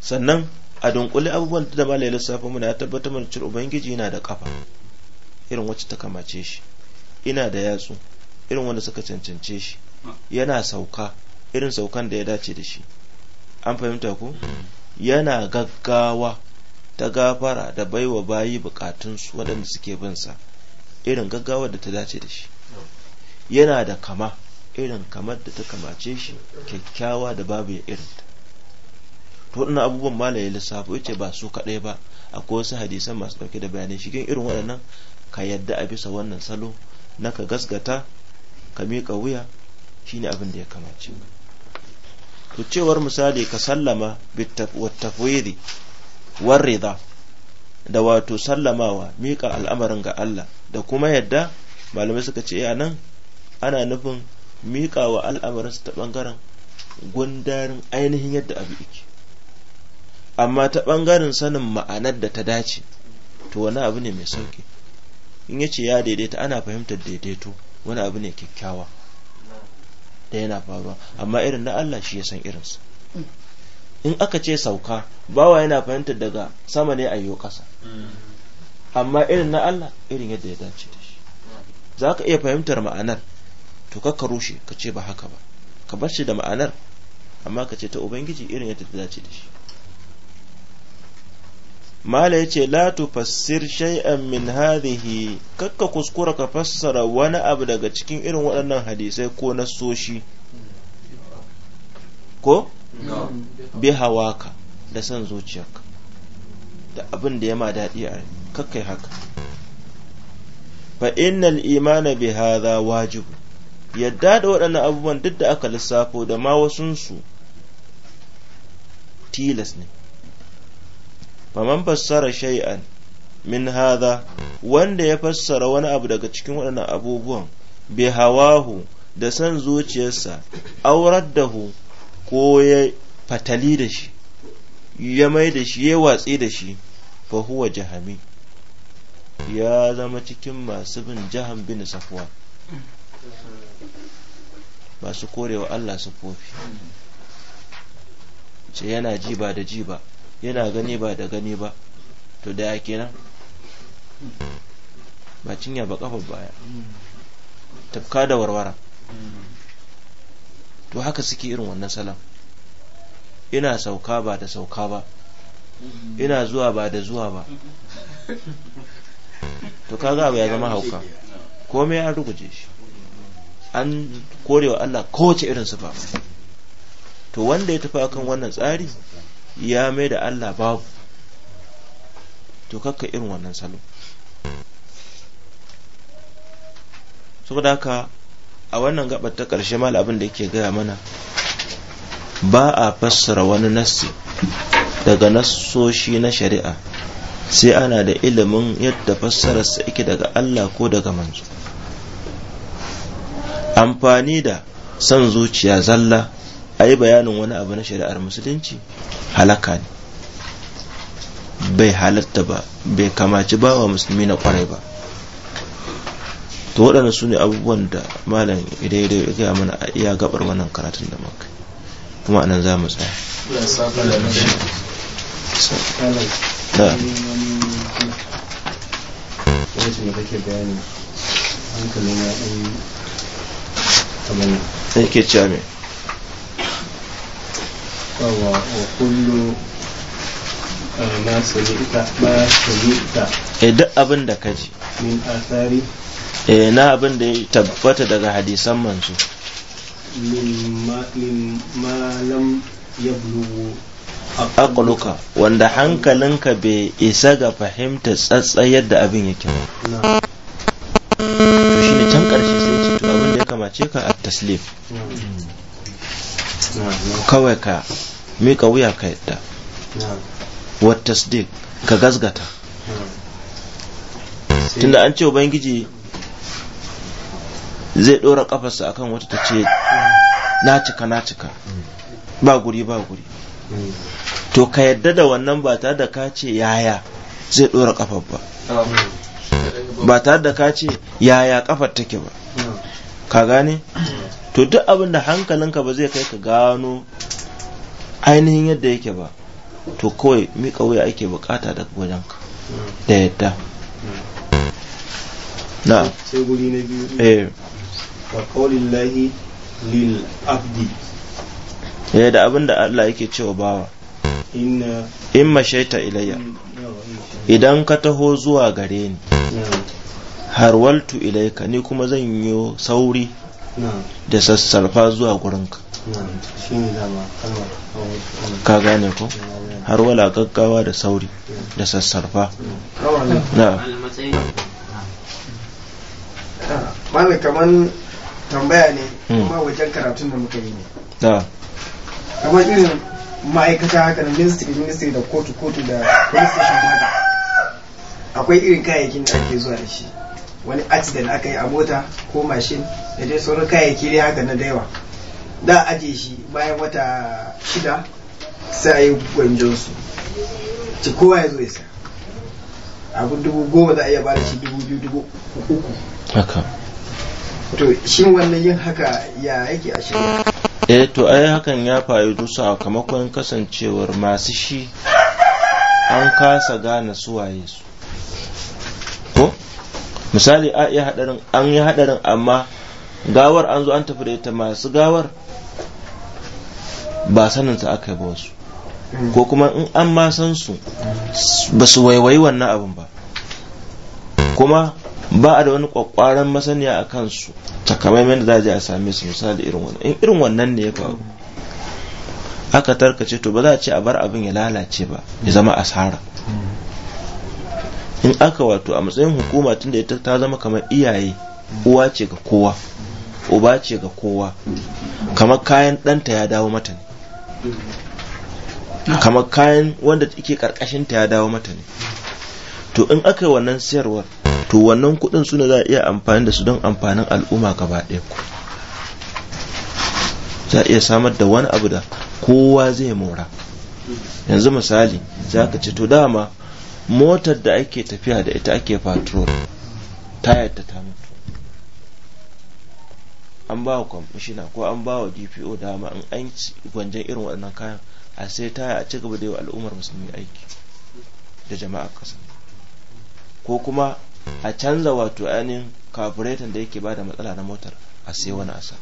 sannan a dunkule abubuwan da malai safa muna ya tabbatar mana cewa ubangiji yana da kafa irin wacce ta kamace shi ina da yatsu irin wanda suka cancance shi yana sauka irin saukan da ya dace da shi an fahimta ko yana gaggawa ta gafara da baiwa bayi bukatunsu waɗanda suke bin sa irin gaggawa da ta dace da shi yana da kama irin kamar da ta kamace shi kyakkyawa da babu ya ta. to ina abubuwan mala ya lissafo yace ba su kaɗai ba akwai wasu hadisan masu ɗauke da bayanai shigen irin waɗannan ka yadda a bisa wannan salo na ka gasgata ka miƙa wuya shine abin da ya kamace ka to cewar misali ka sallama bittafwidi war da wato sallamawa mika al'amarin ga Allah da kuma yadda malamai suka ce a nan ana nufin miƙawa wa al'amarin su ta bangaren gundarin ainihin yadda abu yake amma ta bangaren sanin ma'anar da ta dace to wani abu ne mai sauki in yace ya daidaita ana fahimtar daidaito wani abu ne kyakkyawa da yana faruwa amma irin na Allah shi ya san irinsa in aka ce sauka bawa yana fahimtar daga sama ne a yi ƙasa amma irin na Allah irin yadda ya dace da shi za ka iya fahimtar ma'anar to ka rushe ka ce ba haka ba ka bar shi da ma'anar amma ka ce ta ubangiji irin yadda ta dace da shi mala yace la tufassir shay'an min hadhihi kakka kuskura ka fassara wani abu daga cikin irin waɗannan hadisai ko nasoshi ko bi hawaka da san zuciyarka da abin da ya ma daɗi a kakkai haka fa innal imana bi hadha wajibu yadda da waɗannan abubuwan duk da aka lissafo da ma wasunsu tilas ne faman fassara shay'an min hadha wanda ya fassara wani abu daga cikin waɗannan abubuwan bi hawahu da san zuciyarsa aurar da ko ya fatali da shi ya mai da shi ya watsi da shi fa huwa jahami ya zama cikin masu bin jaham bin safwa masu korewa Allah sufofi ce yana ji ba da ji ba yana gani ba da gani ba to da yake nan. ba cinya ba kafa baya tafka da warwara to haka suke irin wannan salam ina sauka ba da sauka ba ina zuwa ba da zuwa ba to kaga ba ya zama hauka komai an ruguje shi an korewa Allah kowace irin sifa to wanda ya tafi akan wannan tsari ya mai da Allah babu to kakka irin wannan salo saboda haka a wannan gabar ta ƙarshe mal abin da yake gaya mana ba a fassara wani nassi daga nassoshi na shari'a sai ana da ilimin yadda fassararsa yake daga Allah ko daga manzo amfani da son zuciya zalla ayi bayanin wani abu na shari'ar musulunci halaka ne bai halatta ba bai kamaci ba wa musulmi na kwarai ba to waɗanda su ne abubuwan da malam idan ya gaya mana a iya gabar wannan karatun da maka kuma anan za mu tsaya da yake cewa yawa wa kullu eh, ma sami'ta ma sami'ta eh duk abin da ji. min asari eh na abin da ya tabbata daga hadisan manzo min ma lam yablugu aqluka wanda hankalinka bai isa ga fahimta tsatsayar da abin yake ba to shine can karshe sai ce to abin da ya kamace ka at taslim kawai ka mika wuya ka yadda wata tasdiq ka gazgata tunda an ce ubangiji zai dora kafarsa akan wata ta ce na cika na cika mm. ba guri ba guri mm. to ka yadda da wannan ba tare da ka ce yaya zai dora kafar ba ba tare da ka ce yaya kafar take ba ka gane to duk abin da hankalinka ba zai kai ka gano ainihin yadda yake ba to kawai miƙa wuya ake bukata daga ka da yadda na sai guri na biyu eh wa qaulillahi lil abdi ya eh, da abin da Allah yake cewa bawa inna in mashaita ilayya idan ka taho zuwa gare ni har waltu ilaika ni kuma zan yi sauri da sassarfa zuwa gurinka ka gane ko har wala gaggawa da sauri da sassarfa na malam kaman tambaya ne hmm. kuma wajen karatun da muka yi ne kamar irin ma'aikata haka na ministry ministry da kotu kotu da police station haka akwai irin kayayyakin da ake zuwa da shi wani accident aka yi a mota ko mashin da dai sauran kayayyaki ne haka na da yawa da aje shi bayan wata shida sai a yi gwanjon su ci kowa ya zo ya sa abin dubu goma za a iya bada shi dubu biyu dubu uku haka to shi wannan yin haka ya yake a shirya eh to ai hakan ya faru to sakamakon kasancewar masu shi an kasa gane suwaye su ko misali a iya hadarin an yi hadarin amma gawar an zo an tafi da ita masu gawar ba sanin ta aka ba wasu ko kuma in an ma san su ba su waiwayi wannan abin ba kuma ba a da wani kwakwaran masaniya a kansu takamaiman da za a je a same su misali irin wannan in irin wannan ne ya faru aka tarkace to ba za a ce a bar abin ya lalace ba ya zama asara in aka wato a matsayin hukuma tun da ita ta zama kamar iyaye uwa ce ga kowa uba ce ga kowa kamar kayan ɗanta ya dawo mata ne kamar kayan wanda ke karkashin ta ya dawo mata ne to in aka yi wannan siyarwar to wannan kuɗin suna za a iya amfani da su don amfanin al'umma gaba ɗaya ku za a iya samar da wani abu da kowa zai mora yanzu misali za ka ce to dama motar da ake tafiya da ita ake fatrol tayar ta mutu an ba wa kwamishina ko an ba wa dpo dama in an gwanjan irin waɗannan kayan a sai taya a ci gaba da yi wa al'ummar musulmi aiki da jama'a ƙasa ko kuma a canza wato ainihin kaburetan da yake da matsala na motar a sai wani asa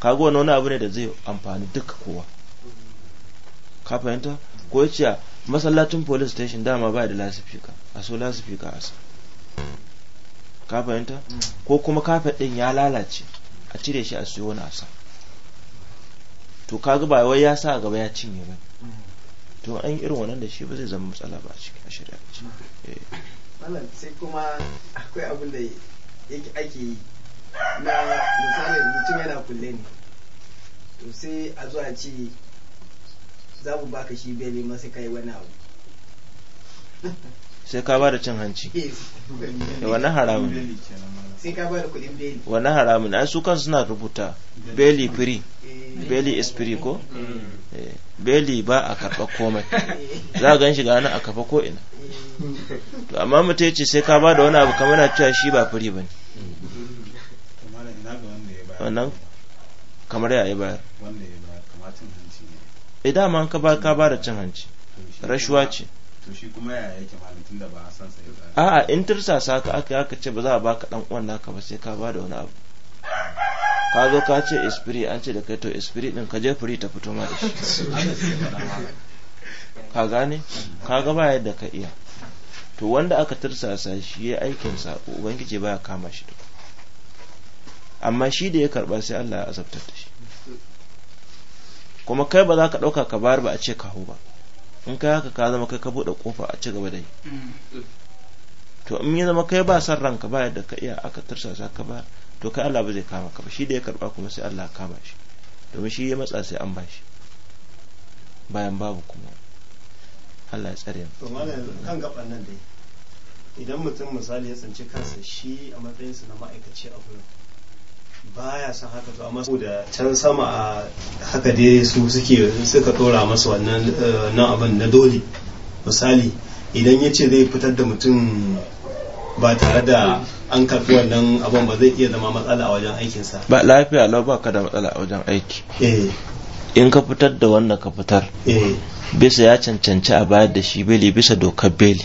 kago wani wani abu ne da zai amfani duka kowa ka fahimta ko yace masallacin police station dama ba da lasifika a so lasifika asa ka fahimta hmm. ko kuma kafet din ya lalace a cire shi a siyo wani asa to kaga ba wai ya sa gaba ya cinye ba to an irin wannan da shi ba zai zama matsala ba a cikin a shari'a eh. malam sai kuma akwai abin da yake ake yi na misali mutum yana kulle ne to sai a zuwa ce za mu baka shi beli masa kai wani abu sai ka ba da cin hanci <laughs> wannan haramun sai ka bada kudin beli wannan haramun ai su kansu suna rubuta beli free eh. beli is free ko mm. eh, beli ba a karɓa komai <laughs> za a shi ga nan a kafa ko ina eh. to amma mu ya ce sai ka bada wani abu kamar na cewa shi ba free bane wannan kamar ya yi bayar idan ma ka ba ka bada cin hanci rashuwa ce to shi kuma yaya yake ba a san a'a in tirsasa ka aka aka ce ba za a baka dan uwan naka ba sai ka ba da wani abu ka zo ka ce esprit an ce da kai to esprit din ka je firi ta fito ma da shi ka gane ka ga ba yadda ka iya to wanda aka tirsasa shi ya aikin sa ubangiji baya kama shi duka amma shi da ya karba sai Allah ya azabtar da shi kuma kai ba za ka ɗauka ka bayar ba a ce kaho ba in ka haka ka zama kai ka buɗe kofa a ci gaba da yi mm. to in ya zama kai ba san ranka ba yadda ka iya aka tursasa ka ba to kai Allah ba zai kama ka ba shi da ya karba kuma sai Allah kama shi domin shi ya matsa sai an bashi bayan babu kuma Allah ya tsare mu kan gaban nan dai idan mutum misali ya tsinci kansa shi a matsayinsa na ma'aikaci a gurin baya san haka to amma saboda can sama a haka dai su suke suka tora masa wannan eh, nan abin na dole misali idan ya ce zai fitar da mutum ba tare da an karfi wannan abin ba zai iya zama matsala a wajen aikinsa ba lafiya lau ba ka da matsala a wajen aiki eh. in ka fitar da wannan ka fitar eh. bisa ya cancanci a bayar da shi beli bisa dokar beli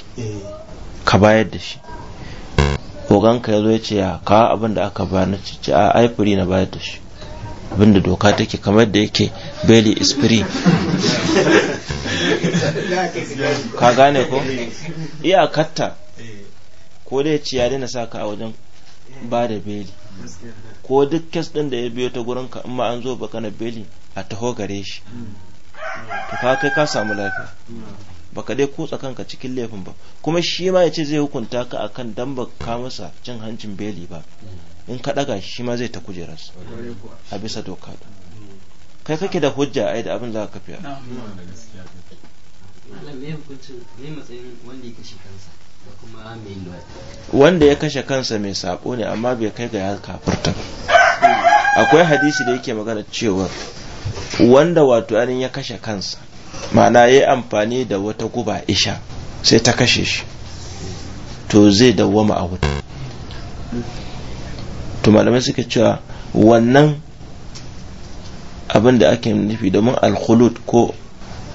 ka bayar da shi ogonka ya zo ya ce ya kawo abin da aka ba na cici a ai na bayar da shi abin doka take kamar da yake beli is free <laughs> ka gane ko iyakarta ko dai ce ya daina sa ka a wajen ba da beli ko duk kes din da ya biyo ta gurin ka in ma an zo baka na beli a taho gare shi to ka kai ka samu lafiya baka dai kutsa kanka cikin laifin ba kuma shi ma ya zai hukunta ka akan dan ba ka masa cin hancin beli ba in ka daga shi ma zai ta kujerarsa a bisa doka kai kake da hujja ai da abin za ka kafiya wanda ya kashe kansa mai sabo ne amma bai kai ga ya kafirta akwai hadisi da yake magana cewa wanda wato anin ya kashe kansa ma'ana ya yi amfani da wata guba isha sai ta kashe shi to zai dawwama a wuta to malamai suka cewa wannan abin da ake nufi domin alkhulut ko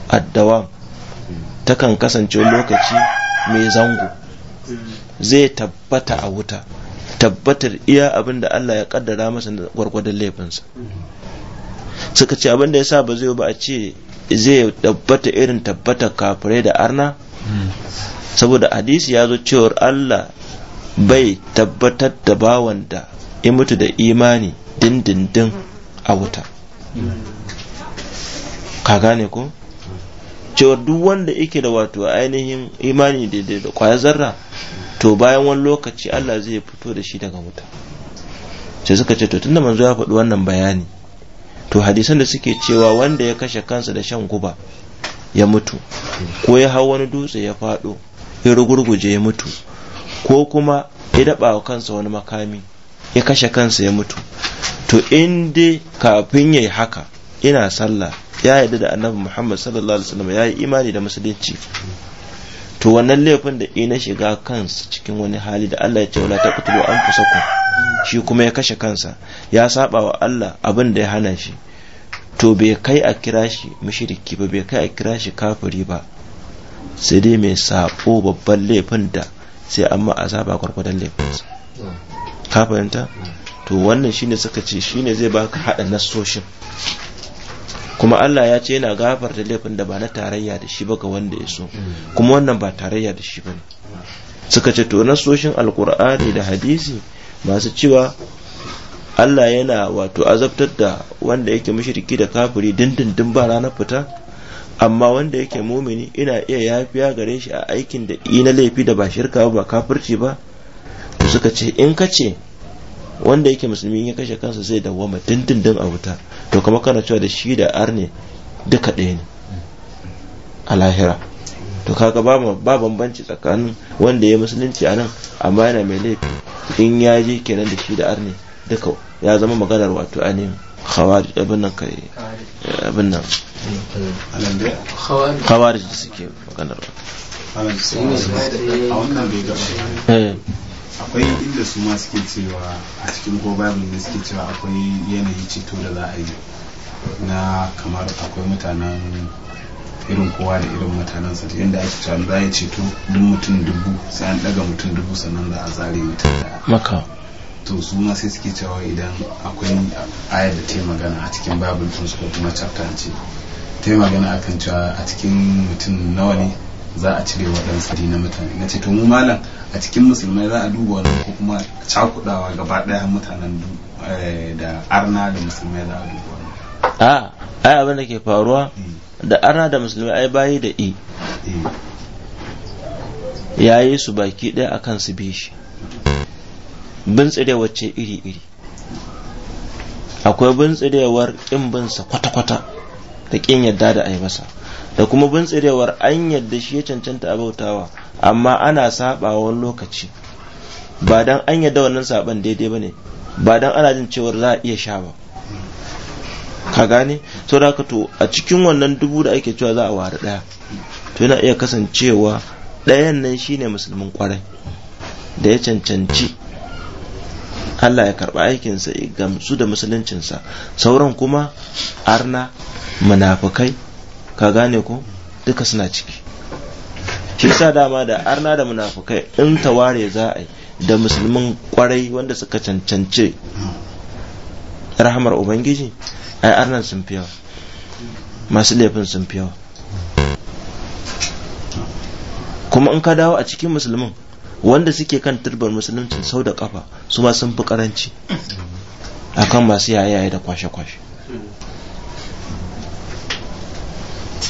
addawa takan kasance lokaci mai zango zai tabbata a wuta tabbatar iya abin da Allah ya kaddara masa gwargwadon laifinsa suka ce abin da ya sa ba zai ba a ce zai tabbata irin tabbata kafirai da arna saboda hadisi ya zo cewar Allah bai tabbatar da bawan da ya mutu da imani dindindin a wuta ka gane ko cewar duk wanda yake da wato ainihin imani daidai da kwaya zarra to bayan wani lokaci Allah zai fito da shi daga wuta sai suka ce to tunda manzo ya faɗi wannan bayani to hadisan da suke cewa wanda ya kashe kansa da shan guba ya mutu ko ya hau wani dutse ya faɗo ya rugurguje ya mutu ko kuma ya daɓa wa kansa wani makami ya kashe kansa ya mutu to in dai kafin ya yi haka ina sallah ya yarda da annabi muhammad sallallahu alaihi wasallam ya yi imani da musulunci to wannan laifin da ina shiga kansa cikin wani hali da Allah ya ce wala fusa ku shi kuma ya kashe kansa ya saba wa Allah abin da ya hana shi to bai kai a kira shi mushriki ba bai kai a kira shi kafiri ba sai dai mai sabo babban laifin da sai amma azaba gwargwadon laifinsa ka fahimta to wannan shine suka ce shine zai baka hada nasoshin kuma Allah ya ce yana gafarta laifin da ba na tarayya da shi ba ga wanda ya so kuma wannan ba tarayya da shi ba ne. suka ce to nasoshin alkur'ani da hadisi masu cewa Allah yana wato azabtar da wanda yake mushriki da kafiri dindindin ba ranar fita amma wanda yake mumini ina iya yafiya gare shi a aikin da ina laifi da ba shirka ba kafirci ba to suka ce in ka ce wanda yake musulmi ya kashe kansa zai dawwama dindindin a wuta to kuma kana cewa da shi da arne duka ɗaya ne a lahira to kaga ba ba bambanci tsakanin wanda ya musulunci a nan amma yana mai laifi in ya je kenan da shi da arne duka ya zama maganar wato a ne khawarij abin nan kai abin nan khawarij da suke maganar wato akwai inda su ma suke cewa a cikin ko babu ne suke cewa akwai yanayi ceto da za a yi na kamar akwai mutanen irin kowa da irin mutanen sa yadda ake cewa za a ceto duk mutum dubu sai an daga mutum dubu sannan za a zare mutum da maka to su ma sai suke cewa idan akwai ayar da ta magana a cikin bible din ko kuma chapter ce ta magana akan cewa a cikin mutum nawa ne za a cire waɗansu na mutane na ce to mu malam a cikin musulmai za a duba wani ko kuma cakudawa gaba daya mutanen eh, da arna da musulmai za a duba wani. a ah, ai abin da ke faruwa eh. da arna da musulmai ai bayi da i eh. ya yi su baki daya akan su bi shi bin wacce iri iri akwai bin tsirewar kin binsa kwata-kwata da kin yadda da ai masa da kuma bin tsirewar an yadda shi ya cancanta abautawa amma ana saba wani lokaci ba dan an yadda wannan saban daidai bane ba dan ana jin cewar za a iya sha ba ka gane to da to a cikin wannan dubu da ake cewa za a wari daya to yana iya kasancewa ɗayan nan shine musulmin kwarai da ya cancanci Allah ya karɓi aikinsa ya gamsu da musuluncinsa sauran kuma arna munafukai ka gane ko duka suna ciki shi sa dama da arna da munafukai in ta ware za a yi da musulmin kwarai wanda suka cancance rahamar ubangiji ai arnan sun fi yawa masu laifin sun fi yawa kuma in ka dawo a cikin musulmin wanda suke kan turbar musulunci sau da kafa su ma sun fi karanci akan masu yayaye da kwashe-kwashe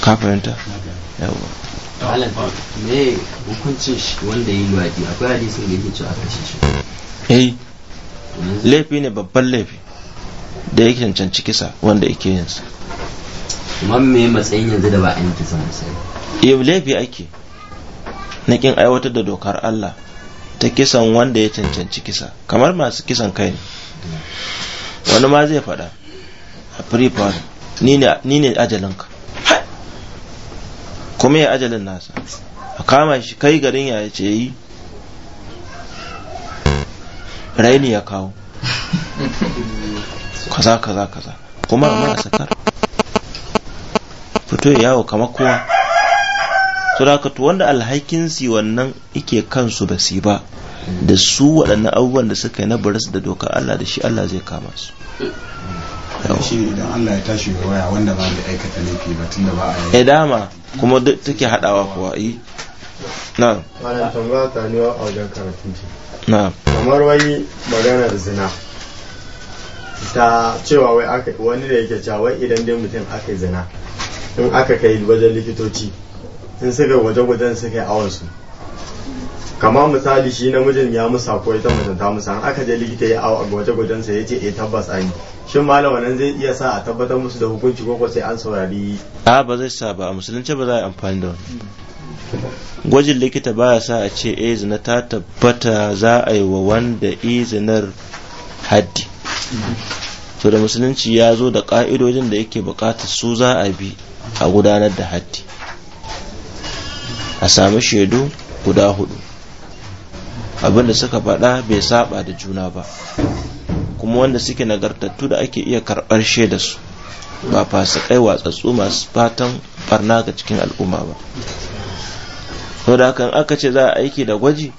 ka fahimta yawa eh, laifi ne babban laifi da yake cancanci kisa wanda yake yin sa mamme matsayin yanzu da ba a yanki sama sai yau eh, laifi ake na kin aiwatar da dokar Allah ta kisan wanda ya cancanci kisa kamar masu kisan kai ne wani ma zai faɗa a free ni ne ajalinka kuma ya ajalin nasa a kama shi kai garin ya ce yi raini ya kawo <laughs> kaza kaza kaza kuma a mana sakar fito yawo kama kowa Su da wanda alhakin si wannan ike kansu ba si ba da su waɗannan abubuwan da suka yi na baris da doka Allah da shi Allah zai kama su shi idan Allah ya tashi waya wanda ba da aikata laifi ba tun da ba a yi eh, dama kuma duk take haɗawa kuwa yi eh. na malam ba ta ne wa wajen karatun ce na kamar wani maganar zina ta cewa wai aka wani da yake cewa wai idan dai mutum aka zina in aka kai wajen likitoci in suka gwaje-gwajen suka yi awon su kama misali shi namijin ya musa ko ita mutum ta musa an aka je likita ya awa gwaje gwajen sa yace eh tabbas an shin malam wannan zai iya sa a tabbatar musu da hukunci ko sai an saurari a ba zai sa ba a musulunci ba za a amfani da wani gwajin likita ba ya sa a ce eh zina ta tabbata za a yi wa wanda izinar haddi to da musulunci ya zo da ka'idojin da yake bukatar su za a bi a gudanar da haddi a sami shaidu guda hudu abinda suka faɗa bai saba da juna ba kuma wanda suke nagartattu da ake iya karɓar shaida su ba fasikai watsatsu masu fatan barna ga cikin al'umma ba to da kan aka ce za a aiki da gwaji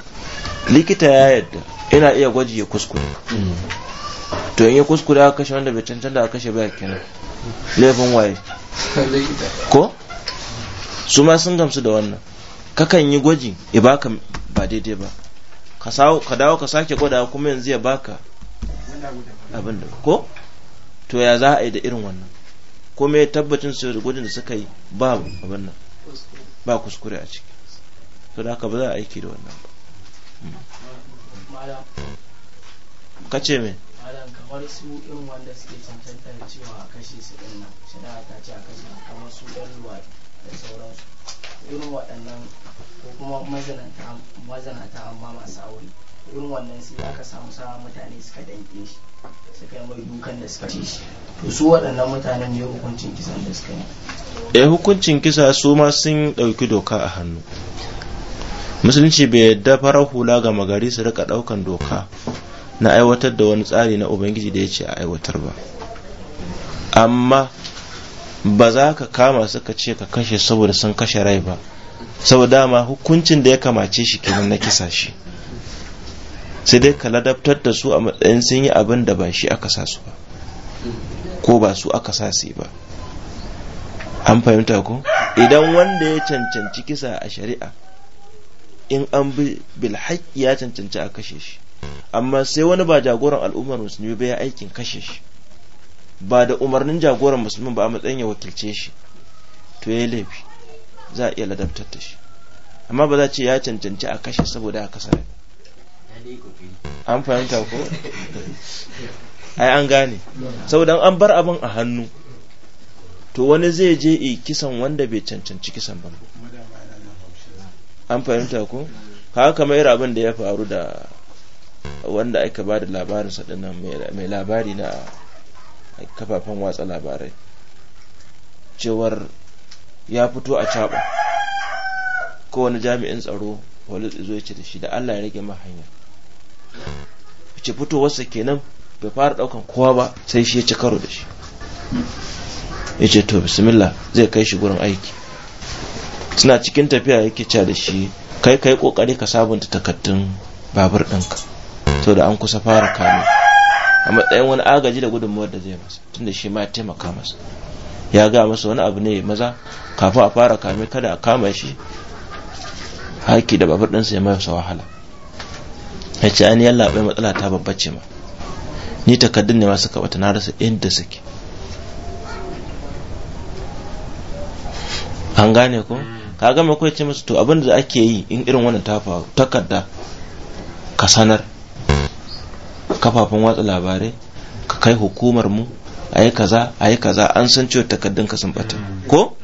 likita ya yadda ina iya gwaji ya kuskure to in ya kuskure aka kashe wanda bai cancanta aka kashe ba kenan laifin waye ko su ma sun gamsu da wannan kakan yi gwaji ya baka ba daidai ba ka dawo ka sake gwada kuma yanzu ya baka abin da ko to ya za a yi da irin wannan kuma ya tabbacin su gudun da suka yi babu abin nan ba kuskure a ciki to da haka ba za a aiki da wannan ba ka ce me malam kamar su irin wanda suke cancanta da cewa kashe su ɗin nan da ta ce a kashe kamar su ɗan luwaɗi da sauransu irin waɗannan ko kuma mazanata amma masu aure irin wannan sai aka samu sa mutane suka danke shi suka yi mai dukan da suka ce shi to su waɗannan mutanen ne hukuncin kisan da suka yi ya eh, hukuncin kisa su ma sun ɗauki doka a hannu musulunci bai yadda farar hula ga magari su rika ɗaukan doka na aiwatar da wani tsari na ubangiji da ya ce a aiwatar ba amma ba za ka kama suka ce ka kashe saboda sun kashe rai ba saboda dama hukuncin da ya kamace shi kenan na kisa shi sai dai ka ladabtar da su a matsayin sun yi abin da ba shi aka sa su ba ko ba su aka sa su ba an fahimta ko idan wanda ya cancanci kisa a shari'a in an bi bilhaƙi ya cancanci a kashe shi amma sai wani ba jagoran al'ummar musulmi ba ya aikin kashe shi ba da umarnin jagoran musulman ba a matsayin ya wakilce shi to ya laifi za a iya ladabtar da shi amma ba za ce ya cancanci a kashe saboda a kasa an fahimta ko <laughs> ai an gane saboda an bar abin a hannu to wani zai je i kisan wanda bai cancanci kisan ba an fahimta ko kaga kamar abin da ya faru da wanda aka ba da labarinsa dinnan mai labari na kafafen watsa labarai cewar ya fito a caɓa kowane jami'in tsaro polis izo ya ce da shi da allah ya rage hanya ce wasa kenan bai fara ɗaukan kowa ba sai shi ya ci karo da shi ya ce to bismillah zai kai shi gurin aiki suna cikin tafiya yake ca da shi kai kai kokari ka sabunta takaddun babur ɗinka to da an kusa fara kame a matsayin wani agaji da gudunmuwar da zai masa tunda shi ma ya taimaka masa ya ga masu wani abu ne maza kafin a fara kame kada a kama shi haki da babur ɗinsa ya mayasa wahala ya ce an yalla bai matsala ta babba ce ma ni takaddun ne masu suka na rasa inda suke an gane ko ka mai ce musu to abin da ake yi in irin wannan ta faru takarda ka sanar kafafen watsa labarai ka kai hukumar mu a yi kaza a yi kaza an san cewa takardun ka sun bata ko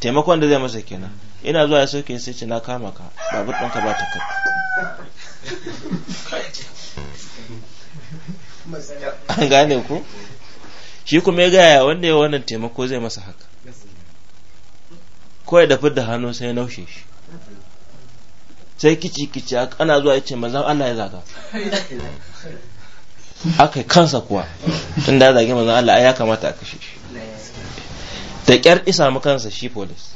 taimakon da zai masa kenan ina zuwa ya sauke sai ce na kama ka babur ɗinka ba takardu an gane ku shi kuma ya gaya wanda ya wannan taimako zai masa haka kawai da fidda hannu sai naushe shi sai kici kici ana zuwa ya ce maza Allah ya zaga aka kansa kuwa tun da zage manzon Allah ya kamata a kashe shi da kyar isa mu kansa shi polis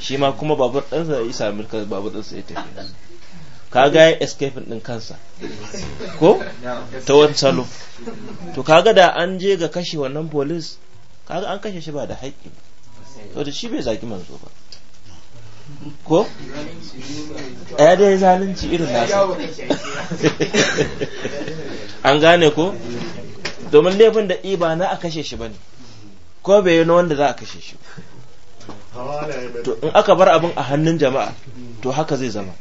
shi ma kuma babur ɗansa ya isa mu kansa babur ɗansa ya tafi ka ga ya escape ɗin kansa ko ta wani salo to kaga da an je ga kashe wannan polis kaga an kashe shi ba da haƙƙi to da shi bai zagi manzo ba ko ya eh, dai zalunci irin nasa an gane ko domin laifin da iba na a kashe shi bane ko bai yi na wanda za a kashe shi to in aka bar abin a hannun jama'a to haka zai zama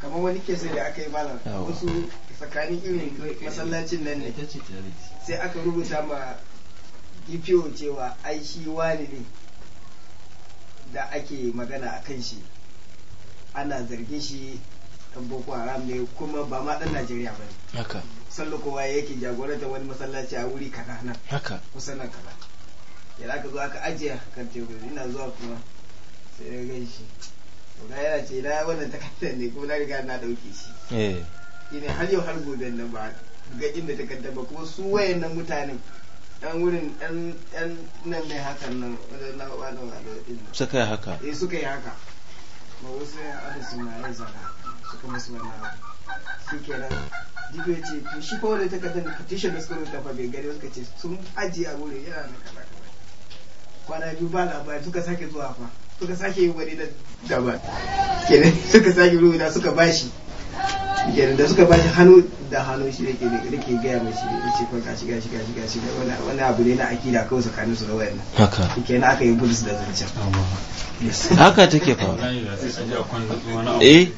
kamar wani ke sai da aka yi malam wasu tsakanin irin masallacin nan ne sai aka rubuta ma gifiyo cewa ai shi wani ne da ake magana a kan shi ana zargin shi dan boko haram ne kuma ba ma dan najeriya ba ne haka sallu kowa yake jagoranta wani masallaci a wuri kaza nan haka kusa nan kaza yana aka zo aka ajiye kan tebur ina zuwa kuma sai ya gan shi ga yana ce na wannan takardar ne kuma na riga na dauke shi eh ina har yau har gobe nan ba ga da takardar ba kuma su wayannan mutanen yan wurin yan nan ne hakan nan wajen na din suka yi haka eh suka yi haka ma wasu yan ada yin suka musu abu shi ya ce shi ta da petition suka rubuta ce sun ajiye a wurin yana na kwana biyu ba labari suka sake zuwa fa suka sake yi wani da daban suka sake rubuta suka bashi kenan da suka bashi hannu da hannu shi da ke gaya mai shi da ce kwanta shiga shiga shiga shiga wani abu ne na akida kawai tsakanin su da wayan nan haka na aka yi bulus da zancen haka take fa eh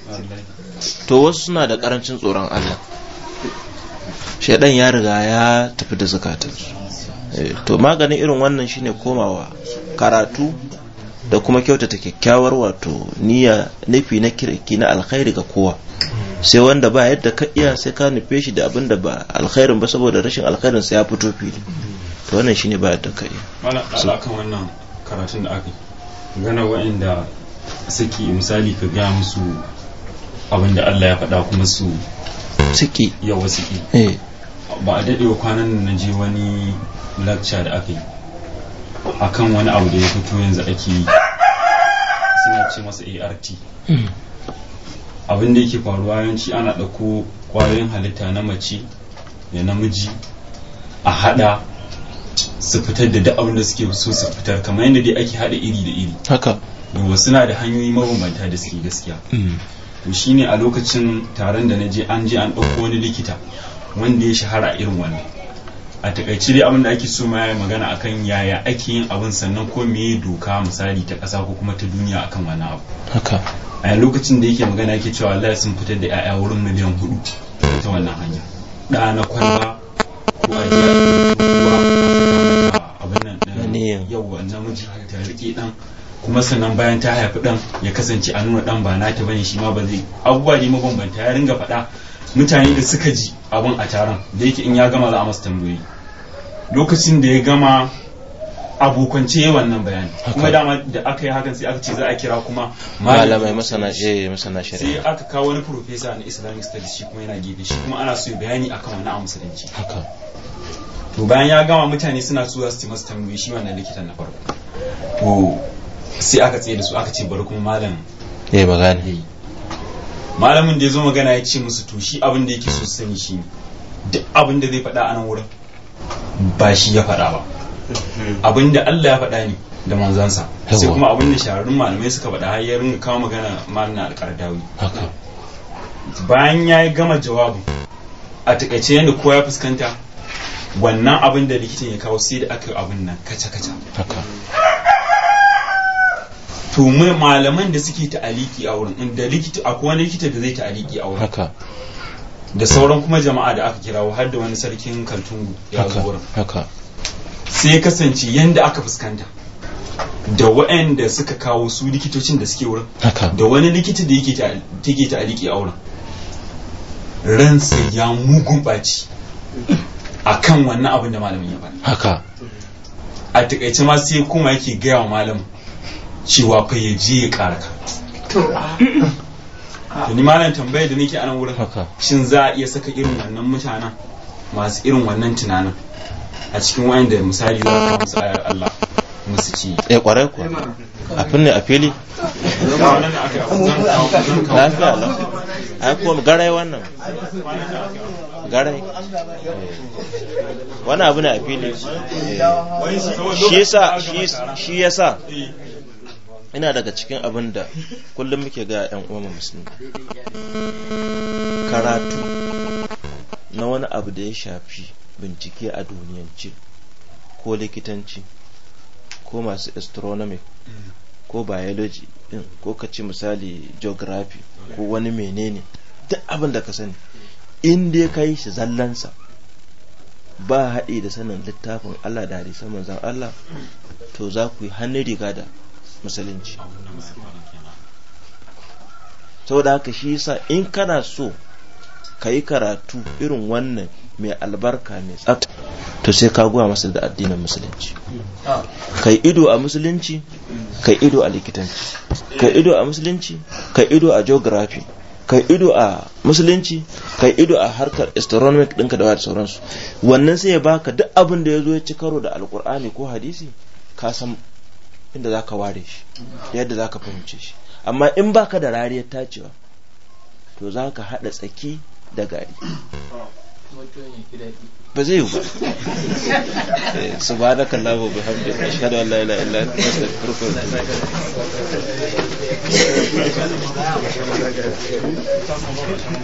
to wasu suna da karancin tsoron Allah shaidan ya riga ya tafi da zakatar eh, to maganin irin wannan shine komawa karatu da kuma kyautata kyakkyawar wato niyya nufi na kirki na alkhairi ga kowa sai wanda ba yadda ka iya sai ka nufe shi da abin da ba alkhairin ba saboda rashin alkhairin sai ya fito fili to wannan shine ba yadda ka iya mana alakan wannan karatun da aka gana wa'anda suke misali ka ga musu abin da Allah ya faɗa kuma su suke yawa suke eh. ba a daɗewa kwanan na je wani lecture da aka yi akan wani abu da ya fito yanzu ake yi suna ce masa art hmm. abin da yake faruwa yanci ana ɗauko kwayoyin halitta na mace da namiji a haɗa su fitar da da suke so su fitar kamar yadda dai ake haɗa iri da iri haka yawa suna da hanyoyi mabambanta da suke gaskiya hmm. to shine a lokacin taron da na je an je an ɗauko wani likita wanda ya shahara irin wannan a takaice dai abin da ake so ma magana akan yaya ake yin abin sannan ko meye doka misali ta ƙasa ko kuma ta duniya akan wani abu haka a lokacin da yake magana yake cewa Allah sun fitar da 'ya'ya wurin miliyan hudu ta wannan hanya da na kwalba ko a abin nan yau namiji ta riƙe dan kuma sannan bayan ta haifi dan ya kasance a nuna dan ba nata bane shi ma ba zai abubuwa ne mabambanta ya ringa faɗa mutane da suka ji abin a taron da yake in ya gama za a masa tambayoyi lokacin da ya gama abokance yawan nan bayani kuma dama da aka yi hakan sai aka ce za a kira kuma malamai masana eh, masana shari'a sai aka kawo wani professor na islamic studies shi kuma yana gefe shi kuma ana so bayani akan wani a musulunci haka to bayan ya gama mutane suna so za su masa tambayi shi wannan likitan na farko to sai aka tsaye da su aka ce bari kuma malam eh magana malamin da ya zo magana ya ce musu to shi abin da yake so sani shi duk abin da zai faɗa a nan wurin ba shi ya faɗa ba abin da Allah ya faɗa ne da manzansa sai kuma abin da shahararrun malamai suka faɗa har ya ringa kawo magana malamin alƙardawi bayan ya yi gama jawabin a takaice yadda kowa ya fuskanta wannan abin da likitan ya kawo sai da aka yi abin nan kaca-kaca to malaman da suke ta'aliki a wurin da likita akwai wani likita da zai ta'aliki a wurin haka da sauran kuma jama'a da aka kirawo har da wani sarkin kaltungu ya zo wurin haka sai kasance yanda aka fuskanta da waɗanda suka kawo su likitocin da suke wurin Haka. da wani likita da yake ta'aliki a wurin ransa ya mugun ɓaci a kan wannan abin da malamin ya faɗi haka a takaice ma sai kuma yake gaya wa malamin cewa fa ya je ya ƙara ka to ni malam tambayar da nake anan wurin shin za a iya saka irin wannan mutanen masu irin wannan tunanin a cikin wayanda misali za ka musu ayar Allah musu ci eh kwarai ko a finne a fili garai wannan garai wani abu ne a fili shi eh, ya shi yasa eh. ina daga cikin abin da kullum muke ga 'yan uwa musulmi karatu na wani abu da ya shafi bincike a duniyanci ko likitanci ko masu astronomi ko biology din ko ka ci misali geography ko wani menene duk abin da ka sani in dai ka yi shi zallansa ba haɗi da sanin littafin Allah da hadisan manzan Allah to za ku yi hannun riga da musulunci saboda haka shi yasa in kana so ka yi karatu irin wannan mai albarka mai tsata to sai ka goya masa da addinin musulunci kai ido a musulunci kai ido a likitanci kai ido a musulunci kai ido a geography kai ido a musulunci kai ido a harkar astronomic ɗinka da wata sauransu wannan sai ya baka duk abin da ya zo ya ci karo da alkur'ani ko hadisi ka san inda za ka ware shi da yadda za ka fahimce shi amma in ba ka da rariyar tacewa to za ka haɗa tsaki da gari ba zai yi ba <laughs> su ba na kallabo bai hamdi a shahadu an la'ila illa an masu da